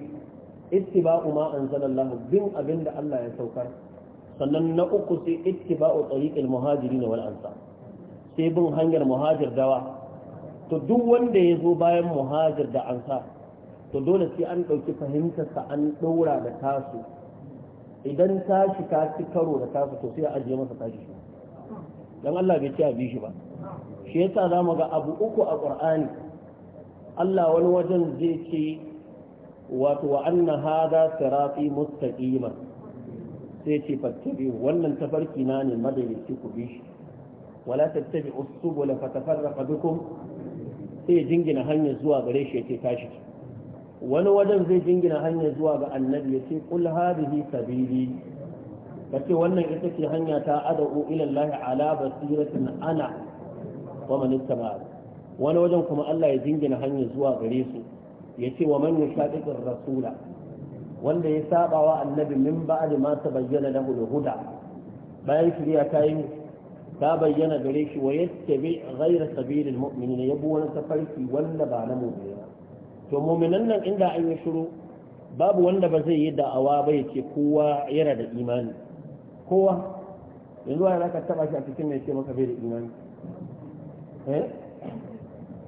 ittiba'u ma anzalallahu bin abin da Allah ya saukar sannan na uku sai ittiba'u tariqil muhajirin wal ansar sai bin hanyar muhajir dawa to duk wanda ya zo bayan muhajir da ansar to dole sai an ɗauki fahimtarsa an ɗora da tasu idan tashi ta ci karo da tasu to sai a ajiye masa tashi shi don Allah bai ce a bi shi ba shi yasa za mu ga abu uku a ƙur'ani Allah wani wajen zai ce wato wa anna hada sirati mustaqiman sai ce fattabi wannan tafarki na ne madalici ku bi shi wala tattabi usubula fatafarraqa bikum sai jingina hanyar zuwa gare shi ya ce tashi wani wajen zai jingina hanyar zuwa ga annabi ya ce kul hadhihi sabili kace wannan ita ce hanya ta ad'u ilallahi ala basiratin ana wa man ittaba wani wajen kuma Allah ya jingina hanyar zuwa gare su ya ce wa man yashaqiqir rasula wanda ya saba wa annabi min ba'd ma tabayyana lahu al-huda bayan shirya ta yi ta bayyana gare shi wa yattabi ghayra sabilil mu'minin yabu wani tafarki wanda ba na to muminan nan inda an yi shiru babu wanda ba zai yi da'awa ba ya ce kowa yana da imani kowa yanzu wani ka taba shi a cikin mai ce maka bai da imani eh?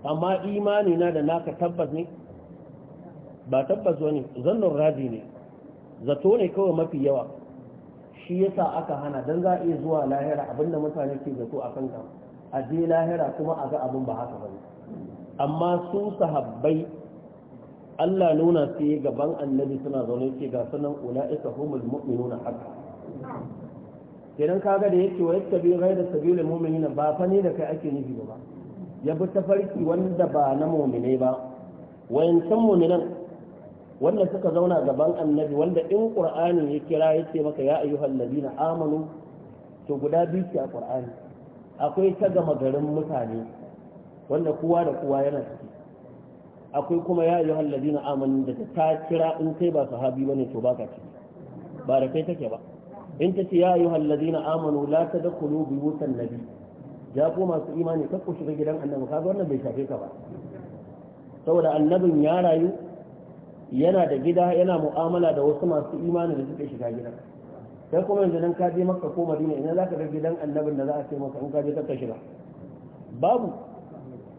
amma imani na da naka tabbas ne ba tabbas wani zannon radi ne zato ne kawai mafi yawa shi yasa aka hana don za a iya zuwa lahira abinda mutane ke zato a kanka a je lahira kuma a ga abin ba haka ba amma sun sahabbai Allah nuna su yi gaban annabi suna zaune ce ga sunan ula'ika humul mu'minuna haka kenan kaga da yake wa yadda bi ghayra sabilil mu'minina ba fa ne da kai ake nufi ba ya bi tafarki wanda ba na mu'mine ba wayancan mu'minan wanda suka zauna gaban annabi wanda in qur'ani ya kira yace maka ya ayyuhal ladina amanu to guda biyu ce a qur'ani akwai ta gama garin mutane wanda kowa da kowa yana akwai kuma ya yi hallazi na amani da ta kira in kai ba sahabi ba ne to ba ka ci ba da kai take ba in ta ce ya yi hallazi na amanu la ta da kulu biyu wutan nabi ya ko masu imani ta ku shiga gidan annabi kaga wannan bai shafe ka ba saboda annabin ya rayu yana da gida yana mu'amala da wasu masu imani da suke shiga gidan sai kuma yanzu nan ka je maka ko madina ina za ka ga gidan annabin da za a ce maka in ka je ka shiga babu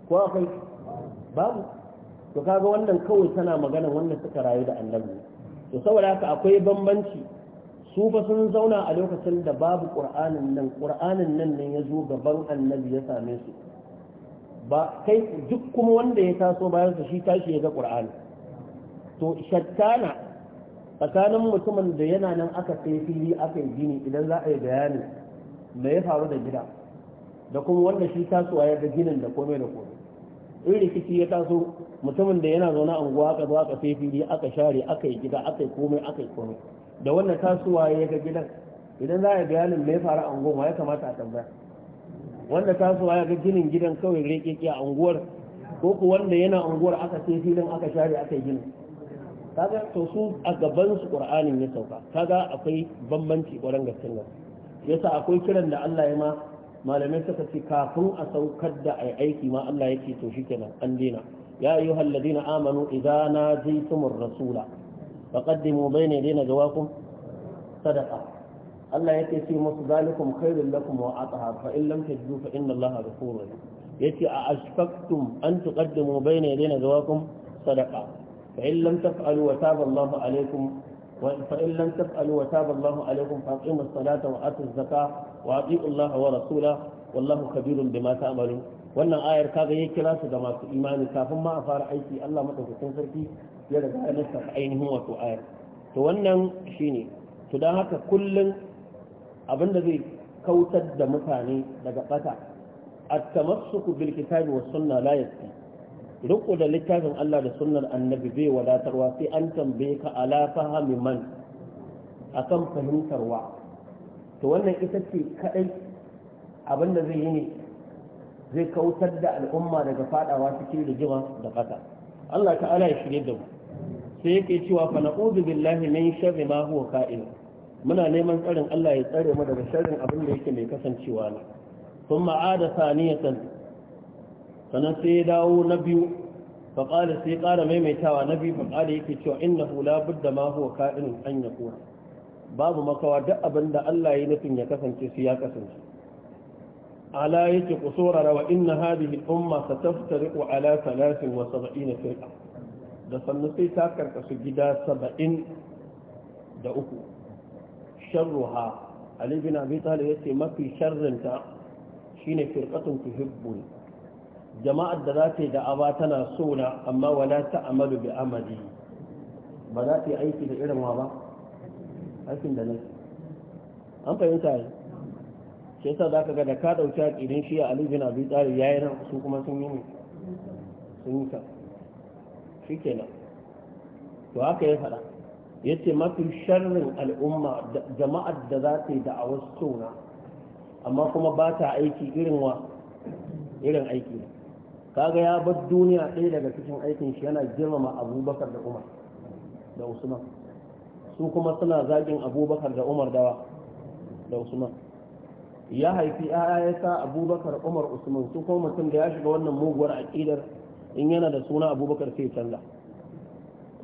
ko akwai babu to kaga wannan kawai tana magana wannan suka rayu da annabi to saboda haka akwai bambanci su fa sun zauna a lokacin da babu qur'anin nan qur'anin nan ne ya gaban annabi ya same su ba kai duk kuma wanda ya taso bayan sa shi tashi ya ga qur'ani to shattana tsakanin mutumin da yana nan aka sai fili aka yi gini idan za a yi bayani me ya faru da gida da kuma wanda shi tasowa ya ga ginin da komai da komai in rikici ya taso mutumin da yana zaune a unguwa aka zo aka sai fili aka share aka yi gida aka yi komai aka yi komai da wannan tasowa ya ga gidan idan za a bayanin mai fara faru a unguwa ya kamata a tambaya wanda tasowa ya ga ginin gidan kawai rekeke a unguwar ko ku wanda yana unguwar aka sai filin aka share aka yi ginin kaga to su a gaban su qur'anin ya sauka kaga akwai bambanci ƙwarar gaskiya yasa akwai kiran da Allah ya ma malamai suka ce kafin a saukar da ai aiki ma Allah yake to shikenan an dina ya ayyuhal halladina amanu idza najaytumur rasula faqaddimu bayna yadayna jawakum sadaqa Allah yake ce musu zalikum khairul lakum wa athar fa in lam tajidu fa inna Allah ghafurur rahim yace a ashfaqtum an tuqaddimu bayna yadayna jawakum sadaqa fa in lam taf'alu wa taba Allah alaykum وإن لم تفعلوا وتاب الله عليكم فأقيموا الصلاة وآتوا الزكاة wa ati'u Allah wa rasula wallahu kabirun bima ta'malun wannan ayar kaga ya kira su ga masu imani kafin ma a fara aiki Allah madaukakin sarki ya riga nasta ainihin wato ayar to wannan shine to dan haka kullun abinda zai kautar da mutane daga bata at-tamassuku bil kitabi was sunna la yakfi riko da littafin Allah da sunnar annabi bai wadatarwa sai an tambaye ka ala fahami man akan fahimtarwa to wannan ita ce kadai abin da zai yi ne zai kautar da al'umma daga fadawa cikin rigima da kasa Allah ta'ala ya shirye da mu sai yake cewa fa na'udhu billahi min sharri ma huwa ka'in muna neman tsarin Allah ya tsare mu daga sharrin abin da yake mai kasancewa ne thumma ada saniyatan sanan sai ya dawo na biyu fa qala sai qala maimaitawa na biyu fa qala yake cewa innahu la budda ma huwa ka'in an yakuna babu makawa duk abinda Allah ya nufin ya kasance su ya kasance ala yake ku saurara wa inna hadhihi al-umma sataftariqu ala 73 da sannu sai ta karkasu gida 70 da uku sharruha ali bin abi talib yace mafi sharrin ta shine firqatun tuhibbun jama'ar da za ta yi da'awa tana so na amma wala ta'amalu bi amali ba za ta yi aiki da irin wa ba aikin da nan an fahimta ne shi yasa za ka ga da ka ɗauki shi a alibin abin tsari ya yi nan su kuma sun yi ne sun yi ka shi kenan to haka ya faɗa ya ce mafi sharrin al'umma jama'ar da za ta yi da a wasu suna amma kuma ba ta aiki irin wa irin aiki kaga ya bar duniya ɗaya daga cikin aikin shi yana girmama abubakar da umar da usman su kuma suna zagin abubakar da umar dawa da usman ya haifi ya sa abubakar umar usman su kuma mutum da ya shiga wannan muguwar aƙidar in yana da suna abubakar sai canza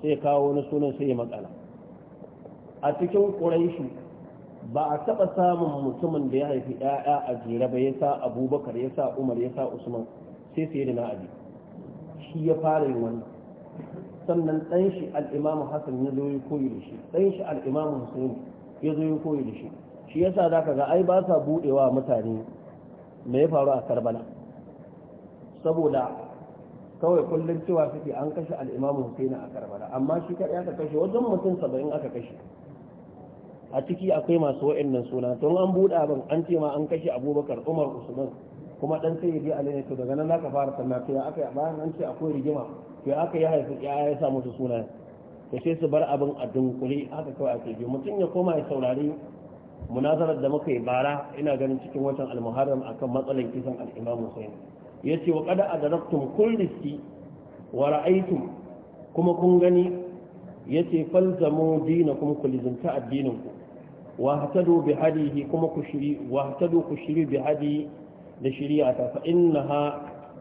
sai kawo wani sunan sai ya matsala a cikin ƙuraishu ba a taɓa samun mutumin da ya haifi ɗaya a jere ba ya sa abubakar ya sa umar ya sa usman sai sai da na'adi shi ya fara yin wannan sannan ɗanshi shi al'imamu hasan ya zo ya koyi da shi shi al'imamu hussein ya zo ya koyi da shi shi yasa za ka ga ai ba sa buɗewa mutane me ya faru a karbala saboda kawai kullum cewa suke an kashe al'imamu hussein a karbala amma shi kaɗai aka kashe wajen mutum saba'in aka kashe a ciki akwai masu wa'annan suna tun an buɗe ban an ce ma an kashe abubakar umar usman kuma ɗan sai ya je a to daga nan za ka fara sannan aka bayan an ce akwai rigima to aka yi haifi ya ya sa musu suna ta sai su bar abin a dunkuri haka kawai ake biyu mutum ya koma ya saurari munazarar da muka yi bara ina ganin cikin watan almuharram akan matsalin kisan alimam imam ya ce wa qad adraktum kulliski wa ra'aytum kuma kun gani yace falzamu dinakum addinin addininku wa hatadu bi hadihi kuma ku shiri wa hatadu ku shiri bi hadi da shari'ata fa innaha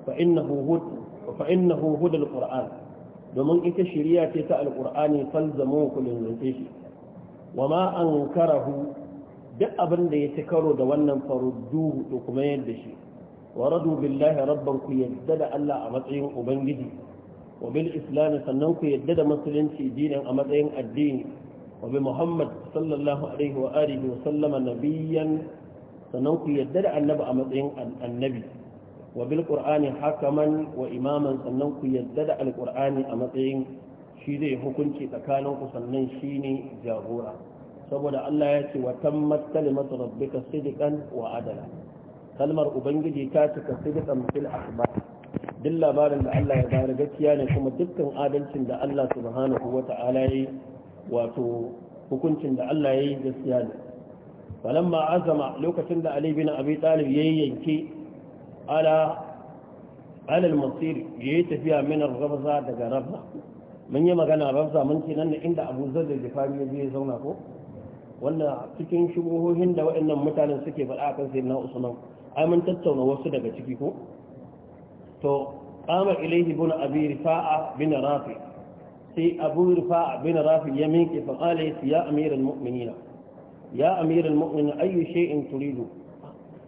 fa innahu فإنه هدى القرآن domin ita shiriya ce ta alƙur'ani falzamu ku lingance shi wa ma an karahu duk abin da ya ci karo da wannan faruddu da kuma yadda shi wa radu billahi rabban ku yadda da Allah a matsayin ubangiji wa bil islam sannan ku yadda da musulunci dinin a matsayin addini wa muhammad sallallahu alaihi wa wa sallama nabiyyan sannan ku yadda da annabi a matsayin annabi wa bil qur'ani hakaman wa imaman sannan ku yadda da alqur'ani a matsayin shi zai hukunci tsakanin ku sannan shine jagora saboda Allah ya ce wa tammat kalimatu rabbika sidqan wa adala kalmar ubangiji ta cika sidqan fil akhbar duk labarin da Allah ya bayar gaskiya ne kuma dukkan adalcin da Allah subhanahu wata'ala yi wato hukuncin da Allah ya yi gaskiya ne falamma azama lokacin da Ali bin Abi Talib yayi yanke ala alal masir ya yi tafiya minar rabza daga rabza mun yi magana rabza mun ce nan inda abu zar da jifari ya je zauna ko wanda cikin shubuhohin da waɗannan mutanen suke faɗa a kan sayyidina usman ai mun tattauna wasu daga ciki ko to qama ilayhi ibn abi rifa'a bin rafi sai abu rifa'a bin rafi ya minke fa qala ya amiral mu'minina ya amiral mu'minin ayyu shay'in turidu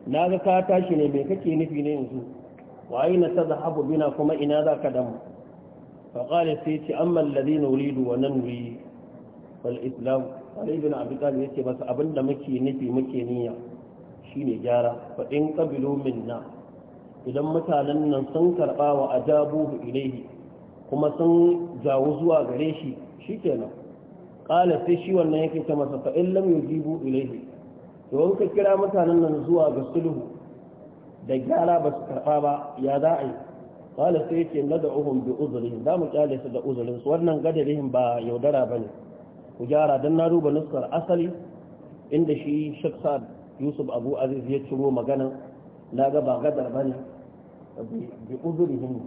na ga ka tashi ne mai kake nufi ne yanzu wa aina tadhhabu bina kuma ina za ka damu fa qala sai ce an amma alladhina uridu wa nanwi wal islam Ali ibn Abi Talib yace masa da muke nufi muke niyya shi ne gyara fa in qabilu minna idan mutanen nan sun karɓa wa ajabu ilaihi kuma sun jawo zuwa gare shi shi shikenan qala sai shi wannan yake ta masa fa in lam yujibu ilaihi domin ka kira mutanen nan zuwa ga sulhu da gyara ba su karɓa ba ya za a yi kala sai yake na da uhun bi uzurin za mu kyale su da uzurin su wannan gadarihin ba yaudara ba ne ku gyara don na duba nuskar asali inda shi shaksa yusuf abu aziz ya ciro magana na ga ba gadar ba ne bi uzurihin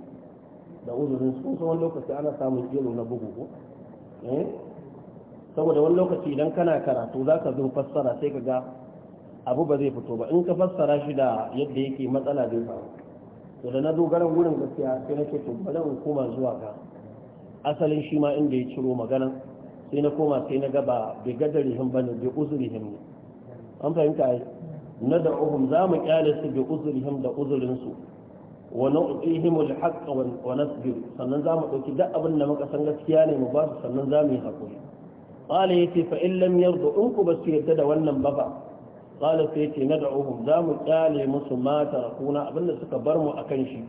da uzurin su kusa lokaci ana samun iro na bugu ko eh? saboda wani lokaci idan kana karatu za ka zo fassara sai ka ga abu ba zai fito ba in ka fassara shi da yadda yake matsala zai faru to da na dogaran wurin gaskiya sai na ce to bala in koma zuwa ga asalin shi ma inda ya ciro magana sai na koma sai na gaba bai gadarihim ba ne bai uzurihim ne an fahimta ai na da uhum za mu kyale su bai uzuri uzurihim da uzurinsu wa nu'tihim al-haqq wa nasbir sannan za mu dauki duk abin da muka san gaskiya ne mu ba su sannan za mu yi hakuri qala yace fa in lam yardu unku ku basu yarda da wannan baba qala sai ce nad'uhum za mu kyale musu mata rakuna abinda suka bar mu kan shi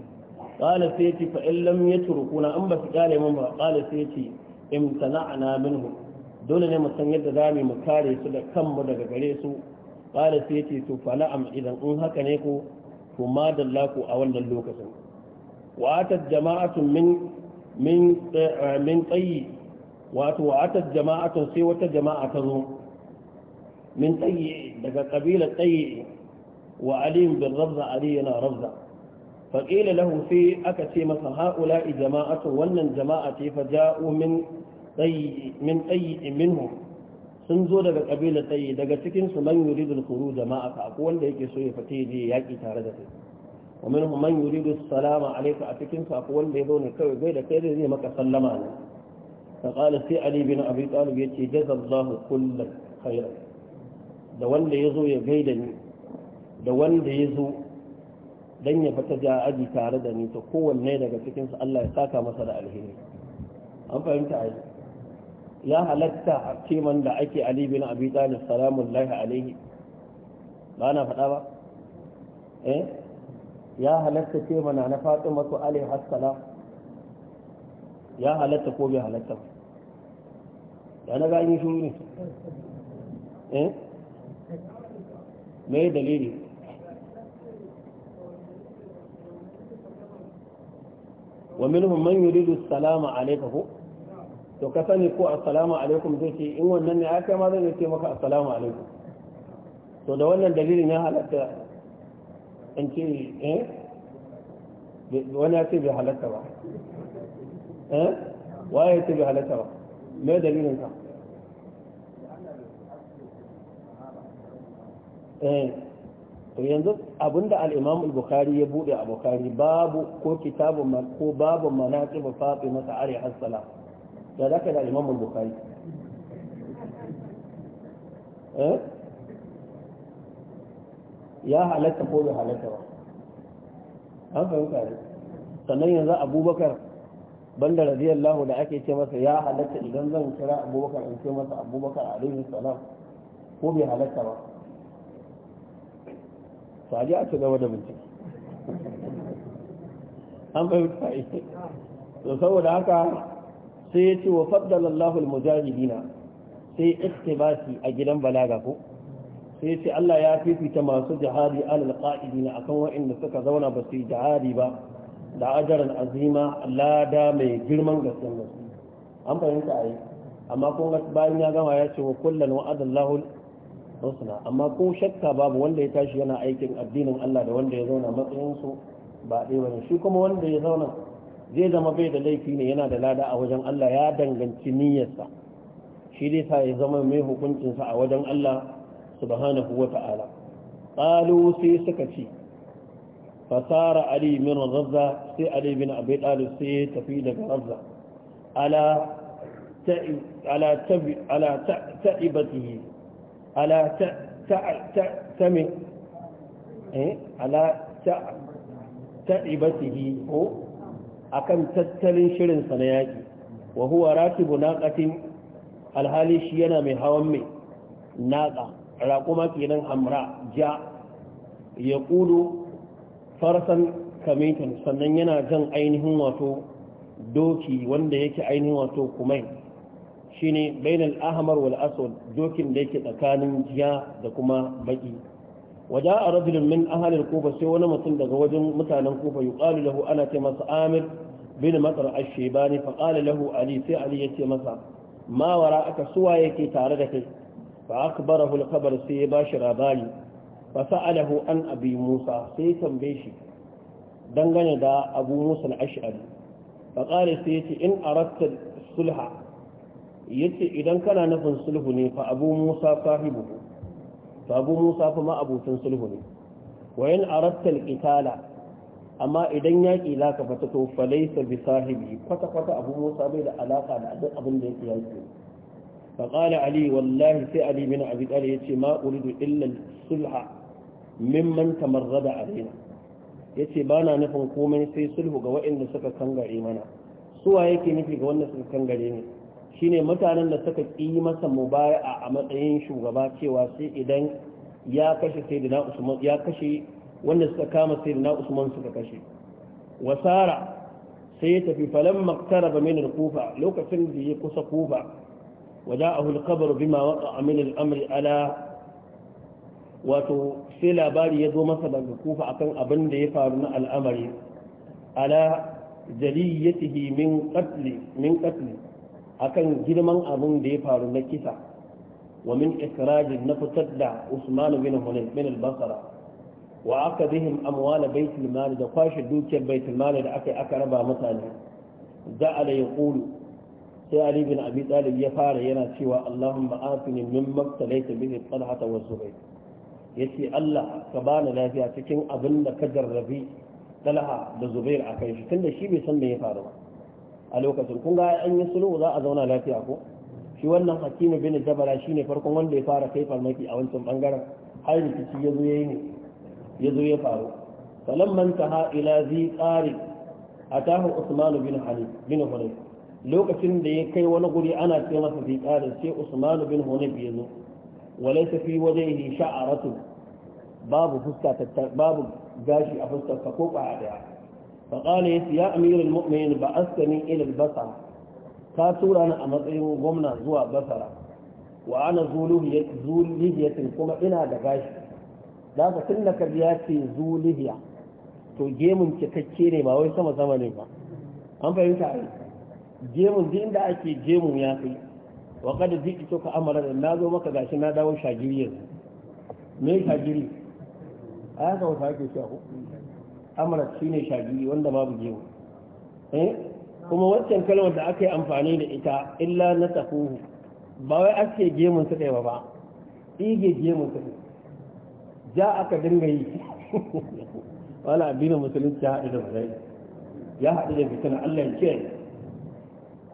qala sai ce fa in lam yatrukuna an ba su kyale mun ba qala sai ce imtana'na minhu dole ne mu san yadda za mu kare su da kanmu daga gare su qala sai ce to fa na'am idan in haka ne ko to ma dallaku a wannan lokacin wa atat jama'atun min min eh, min tayyi wato atat jama'atun sai wata jama'a ta zo min tsaye daga ƙabilar tsaye wa bin rabza ali yana rabza faƙila lahu sai aka ce masa ha'ula'i jama'atu wannan jama'a ce fa ja'u min sun zo daga ƙabilar tsaye daga cikinsu su man da khuruj jama'a ka ko wanda yake so ya fita je yaki tare da kai wa minhum man salama a cikin wanda ya zo kawai bai da kai zai maka sallama ne فقال sai ali بن أبي طالب يتي جزى الله كل خيرا da wanda ya zo ya gaida ni da wanda ya zo don ya fita ja aji tare da ni ta kowanne daga cikinsu Allah ya saka masa da alheri an fahimta a ya halatta a kiman da ake Ali bin Abi Talib salamun lahi alaihi ba na faɗa ba eh ya halatta ce mana na Fatima masu alaihi assalam ya halatta ko bai halatta ba da na ga shuru ne eh me dalili wa minhum man yuridu assalamu alayka ko to ka sani ko assalamu alaikum zai ce in wannan ne aka ma zai ce maka assalamu alaikum to da wannan dalilin ya halatta in ce eh wani ya ce bai halatta ba eh waye ya ce bai halatta ba me dalilin ka Eh, to yanzu abinda al-Imam al-Bukhari ya bude a Bukhari babu ko kitabu man ko babu manaqib Fatima ta ari hasala da zaka da Imam al-Bukhari eh ya halatta ko bai halatta ba an fahimta ne sannan yanzu abubakar banda radiyallahu da ake ce masa ya halatta idan zan kira abubakar in ce masa abubakar alaihi salam ko bai halatta ba to a ji a da bincike an bai mutane to saboda haka sai ya ce wa faddala mujahidina sai iktibasi a gidan balaga ko sai ce Allah ya fifita masu jihadi alal qa'idina akan waɗanda suka zauna ba su yi jihadi ba da ajaran azima lada mai girman gaske gaske an fahimta a yi amma kun bayan ya gama ya ce wa kullum wa'adallahu husna amma ko shakka babu wanda ya tashi yana aikin addinin Allah da wanda ya zauna matsayin su ba ɗaya bane shi kuma wanda ya zauna zai zama bai da laifi ne yana da lada a wajen Allah ya danganci niyyarsa shi dai sa ya zama mai hukuncinsa a wajen Allah subhanahu wa ta'ala qalu sai suka ci fasara ali min razza sai ali bin abi talib sai tafi daga razza ala ala tabi ala ta'ibatihi ala ta'tami eh ala ta'ibatihi ko akan tattalin shirin sa na yaki wa huwa rakibu naqatin shi yana mai hawan mai naqa raquma kenan amra ja yaqulu farsan kamitan sannan yana jan ainihin wato doki wanda yake ainihin wato kumai shine bainal ahmar wal aswad jokin da yake tsakanin jiya da kuma baki waja a rajulun min ahalil kufa sai wani mutum daga wajen mutanen kufa yuqalu lahu ana ce masa amir bin matsar ba ne qala lahu ali sai ali yace masa mawara aka suwa yake tare da kai a ka al khabar sai ya bashi labari fa sa'alahu an abi musa sai ya tambaye shi dangane da abu musa al ash'ari fa qala sai ce in aradta sulha yace idan kana nufin sulhu ne fa abu musa sahibu fa abu musa fa ma sulhu ne wa in aratta al amma idan yaki zaka fata to fa laysa bi sahibi kwata kwata abu musa bai da alaka da duk abin da yake yaki fa qala ali wallahi sai ali bin abi talib yace ma uridu illa sulha mimman tamarrada alaina yace ba na nufin komai sai sulhu ga waɗanda suka kangare mana suwa yake nufi ga wanda suka kangare ne shine mutanen da suka ƙi masa baya a matsayin shugaba cewa sai idan ya kashe sayyidina Usman ya kashe wanda suka kama Usman suka kashe wasara sai ya tafi falan maktaraba min minar kufa lokacin da ya kusa kufa wada'ahu a qabr bima waqa'a min al ala wato sai labari ya zo masa daga kufa akan abin da ya faru na al'amari ala jaliyatihi min qatli min katli. akan girman abin da ya faru na kisa wa min ikrajin na fitar da Usman bin Hunayn bin al-Basra wa akadihim amwal baitul mal da kwashe dukiyar baitul mal da aka aka raba mutane da ala kulu sai Ali bin Abi Talib ya fara yana cewa Allahumma afini min maktalaita bihi Talha wa Zubayr yace Allah ka bani lafiya cikin abin da ka jarrabi Talha da Zubair akan shi tunda shi bai san me ya faru ba a lokacin kun ga an yi sulhu za a zauna lafiya ko shi wannan hakimu bin jabara shine farkon wanda ya fara kai farmaki a wancan bangaren har rikici ya zo yayi ne ya zo ya faru falamman taha ila zi qari atahu usman bin hanif bin hunayf lokacin da ya kai wani guri ana ce masa zi qari sai usman bin hunayf ya zo walaysa fi wajhihi sha'aratu babu fuska babu gashi a fuskar ka ko kwaya daya فقال يا أمير المؤمنين بعثتني إلى البصرة كاتورا أنا أمطيم قمنا زوا بصرة وأنا زولوهية زولوهية كما إنا دقاش لا تكنك بياتي زولوهية to gemun cikakke ne ba wai sama sama ne ba an fahimta ai gemun duk inda ake gemun ya kai wa kada duk ito amara da na zo maka gashi na dawo shagiri me shagiri a haka wata ake cewa ko amrat shine shagiri wanda babu gemu eh? kuma waccan kalmar da aka yi amfani da ita illa na tafuhu ba wai ake gemun su ɗaya ba ige gemun su ja aka dinga yi wala addinin musulunci ya haɗu da bazai ya haɗu da fitina Allah ce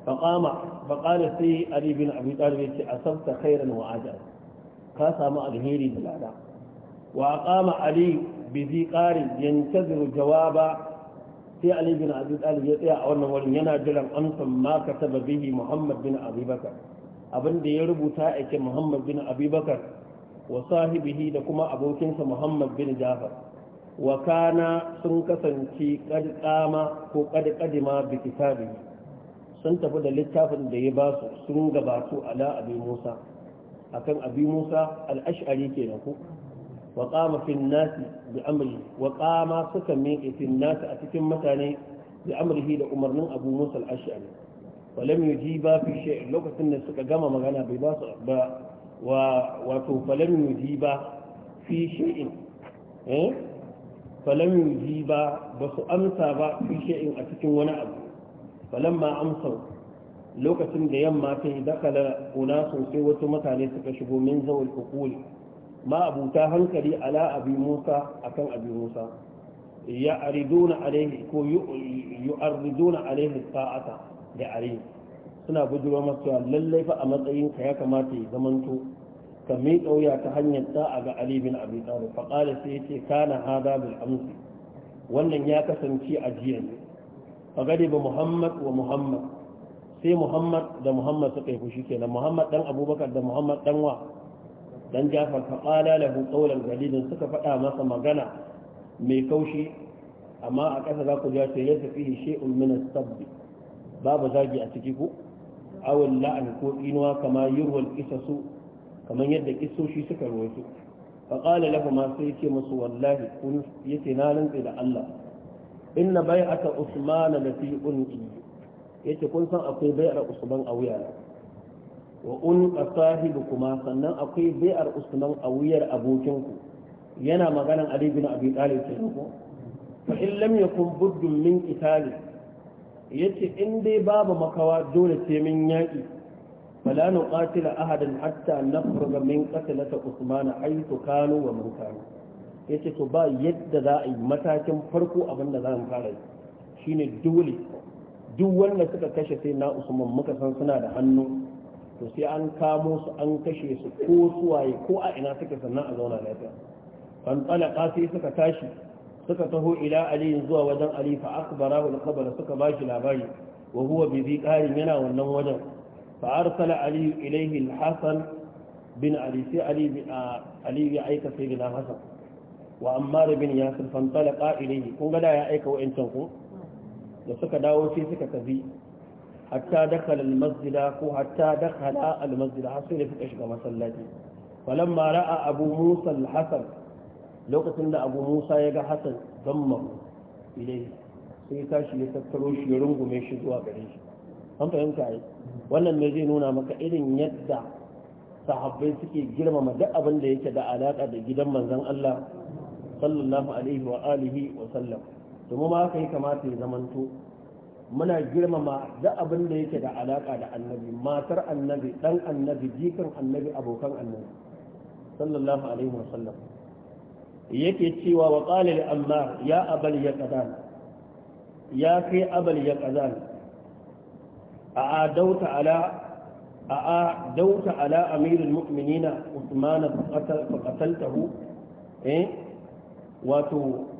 faƙama faƙala sai Ali bin Abi Talib ya ce asabta khairan wa ajal ka samu alheri da lada wa aqama Ali bizi ƙarin yantaziru jawaba sai Ali bin Abi Talib ya tsaya a wannan wurin yana jiran amsan ma ka taba bihi Muhammad bin Abi Bakar abin da ya rubuta yake Muhammad bin Abi Bakar wa sahibihi da kuma abokinsa Muhammad bin Jafar wa kana sun kasance kadama ko kadqadima bi kitabi sun tafi da littafin da ya ba su sun gabatu ala abi Musa akan abi Musa al-Ash'ari kenan ko wa qama fi suka miƙe fi a cikin mutane bi amrihi da umarnin Abu Musa al-Ash'ari wa lam yujiba fi shay lokacin da suka gama magana bai ba su wato fa lam ba su amsa ba fi shay'in a cikin wani abu amsa lokacin da yamma ta yi dakala mutane suka shigo min ma abuta hankali ala abi musa akan abi musa ya ariduna alaihi ko yu'arriduna alaihi sa'ata da ari suna bujuro masa lallai fa a matsayin ka ya kamata ya zamanto ka mai kauya ta hanyar sa'a ga ali bin abi talib fa qala sai yace kana hada bil amsi wannan ya kasance a jiya ne fa ba muhammad wa muhammad sai muhammad da muhammad suka yi fushi kenan muhammad dan abubakar da muhammad dan wa dan jafar faƙala lahu ƙaunar galilin suka faɗa masa magana mai kaushi amma a ƙasa za ku jace ya tafi shi'un min sabbi babu zagi a ciki ku awon la'an ko inuwa kama yurwal kisasu kaman yadda kisoshi suka rawaito faƙala lahu ma sai ce musu wallahi kun yace na da Allah inna bai'ata usman yace kun san akwai bai'ar usman a wuyana wa sahibu kuma sannan akwai bai'ar usman a wuyar abokinku yana maganan ali bin abi talib ke ko fa in lam yakun buddun min qitali yace in dai babu makawa dole ce min yaki fala nuqatila ahadan hatta nafruga min qatlata usman aitu kanu wa man kanu yace to ba yadda za a yi matakin farko abinda za mu fara yi shine dole duk wanda suka kashe sai na usman muka san suna da hannu to sai an kamo su an kashe su ko suwaye ko a ina suke sannan a zauna lafiya fan talaka sai suka tashi suka taho ila ali zuwa wajen ali fa akhbarahu al-khabar suka bashi labari wa huwa bi dhiqarin yana wannan wajen fa arsala ali ilayhi al-hasan bin ali sai ali bi ali ya aika sai bin hasan wa ammar bin yasir fan talaka ilayhi kun ga da ya aika wa'ancan ku da suka dawo sai suka tafi hatta dakhala almasjida ko hatta dakhala almasjida har sai da fika shiga masallaci falamma ra'a abu musa alhasan lokacin da abu musa ya ga hasan zamma ilai sai tashi ya tattaro shi ya rungume shi zuwa gare shi an fahimta ai wannan me zai nuna maka irin yadda sahabbai suke girmama duk abin da yake da alaka da gidan manzon Allah sallallahu alaihi wa alihi wa sallam domin ma haka ya kamata ya zamanto muna girmama da abin da yake da alaka da annabi matar annabi dan annabi jikan annabi abokan annabi sallallahu alaihi wa sallam yake cewa wa qala li amma ya abal ya qadan ya kai abal ya qadan a adauta ala a adauta ala amirul mu'minina usman qataltahu eh wato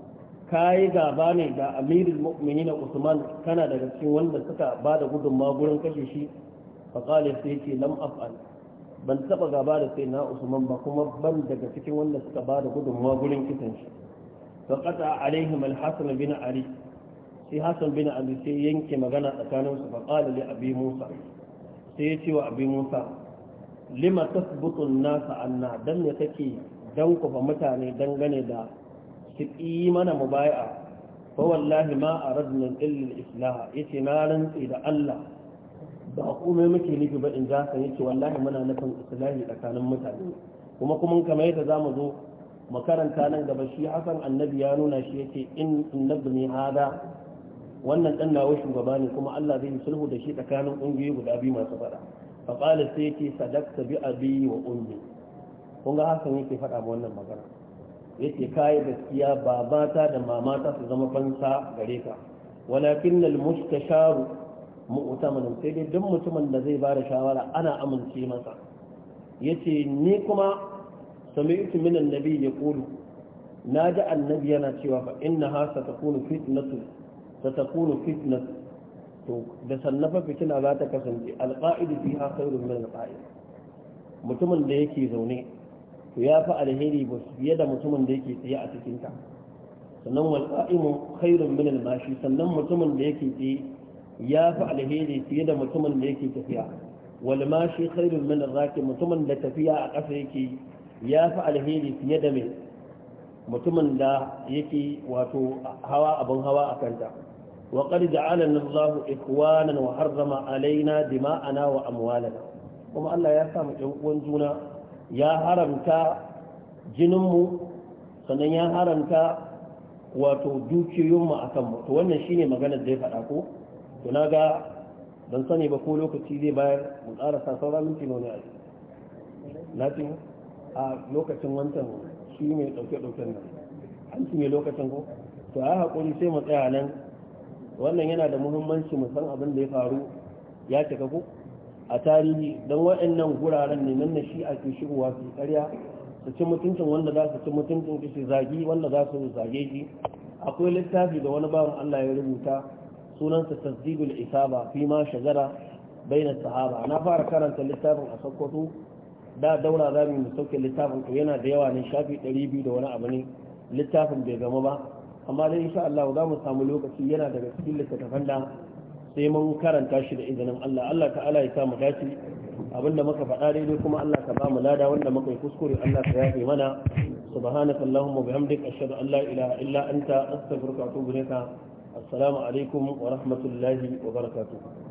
ka yi gaba ne da amirul mu'mini na usman kana daga cikin wanda suka ba da gudun gurin kashe shi faƙalar sai ke lam af'al ban taɓa gaba da sai na usman ba kuma ban daga cikin wanda suka ba da gudun gurin kisan shi faƙata alaihim alhassan bin ali sai hassan bin ali sai yanke magana tsakanin su ba faƙalar li abi musa sai ya ce wa abi musa lima tasbutun nasa anna dan ne take dankufa mutane dangane da ki yi mana mubaya fa wallahi ma aradna illa al-islah yace na rantsi da Allah ba komai muke nufi ba in ja san yace wallahi muna nufin islahi tsakanin mutane kuma kuma kamar yadda zamu zo makaranta nan gaba shi hasan annabi ya nuna shi yace in innabni hada wannan dan nawa shugaba ne kuma Allah zai yi sulhu da shi tsakanin ungiyoyi guda biyu masu fada fa qala sai ke sadaqta bi abi wa ummi kun ga hakan yake faɗa ma wannan magana yace kai gaskiya babata da mamata su zama fansa gare ka walakin al mustasharu mu'tamanun sai dai duk mutumin da zai bada shawara ana amince masa yace ni kuma sami'tu min annabi yaqulu naji annabi yana cewa fa innaha satakunu fitnatu satakunu fitnatu to da sannafa fitina za ta kasance alqa'idu fiha khairun min alqa'id mutumin da yake zaune to ya fi alheri ba fiye da mutumin da yake tsaye a cikinta sannan wal qa'imu khairun min al mashi sannan mutumin da yake tsaye ya fi alheri fiye da mutumin da yake tafiya wal mashi khairun min al raki mutumin da tafiya a ƙasa yake ya fi alheri fiye da mai mutumin da yake wato hawa abin hawa a kanta wa qad ja'alana Allah ikwanan wa harrama alaina dima'ana wa amwalana kuma Allah ya sa mu ɗan uwan juna ya haramta jininmu sannan ya haramta wato dukiyoyinmu a kanmu to wannan shi ne maganar da ya faɗa ko to na ga ban sani ba ko lokaci zai bayar mu ƙara sa sauran minti na wani aji na fi a lokacin wancan shi mai ɗauke-ɗauken nan an shi mai lokacin ko to ya haƙuri sai mu tsaya nan wannan yana da muhimmanci mu san abin da ya faru ya cika ko a tarihi don waɗannan guraren ne nan na shi ake shigowa su karya su ci mutuncin wanda za su ci mutuncin su zagi wanda za su zage shi akwai littafi da wani bawan Allah ya rubuta sunansa tasdibul isaba fi ma shagara baina sahaba na fara karanta littafin a sokoto da daura za mu sauke littafin to yana da yawa ne shafi 200 da wani abu ne littafin bai gama ba amma dai insha Allah za mu samu lokaci yana daga cikin littattafan da sai mun karanta shi da izinin Allah Allah ta'ala ya samu dace abinda muka faɗa daidai kuma Allah ka ba mu lada wanda muka yi kuskure Allah ka yafe mana subhanaka allahumma bihamdika ashhadu an la ilaha illa anta astaghfiruka wa atubu ilaik assalamu alaikum wa rahmatullahi wa barakatuh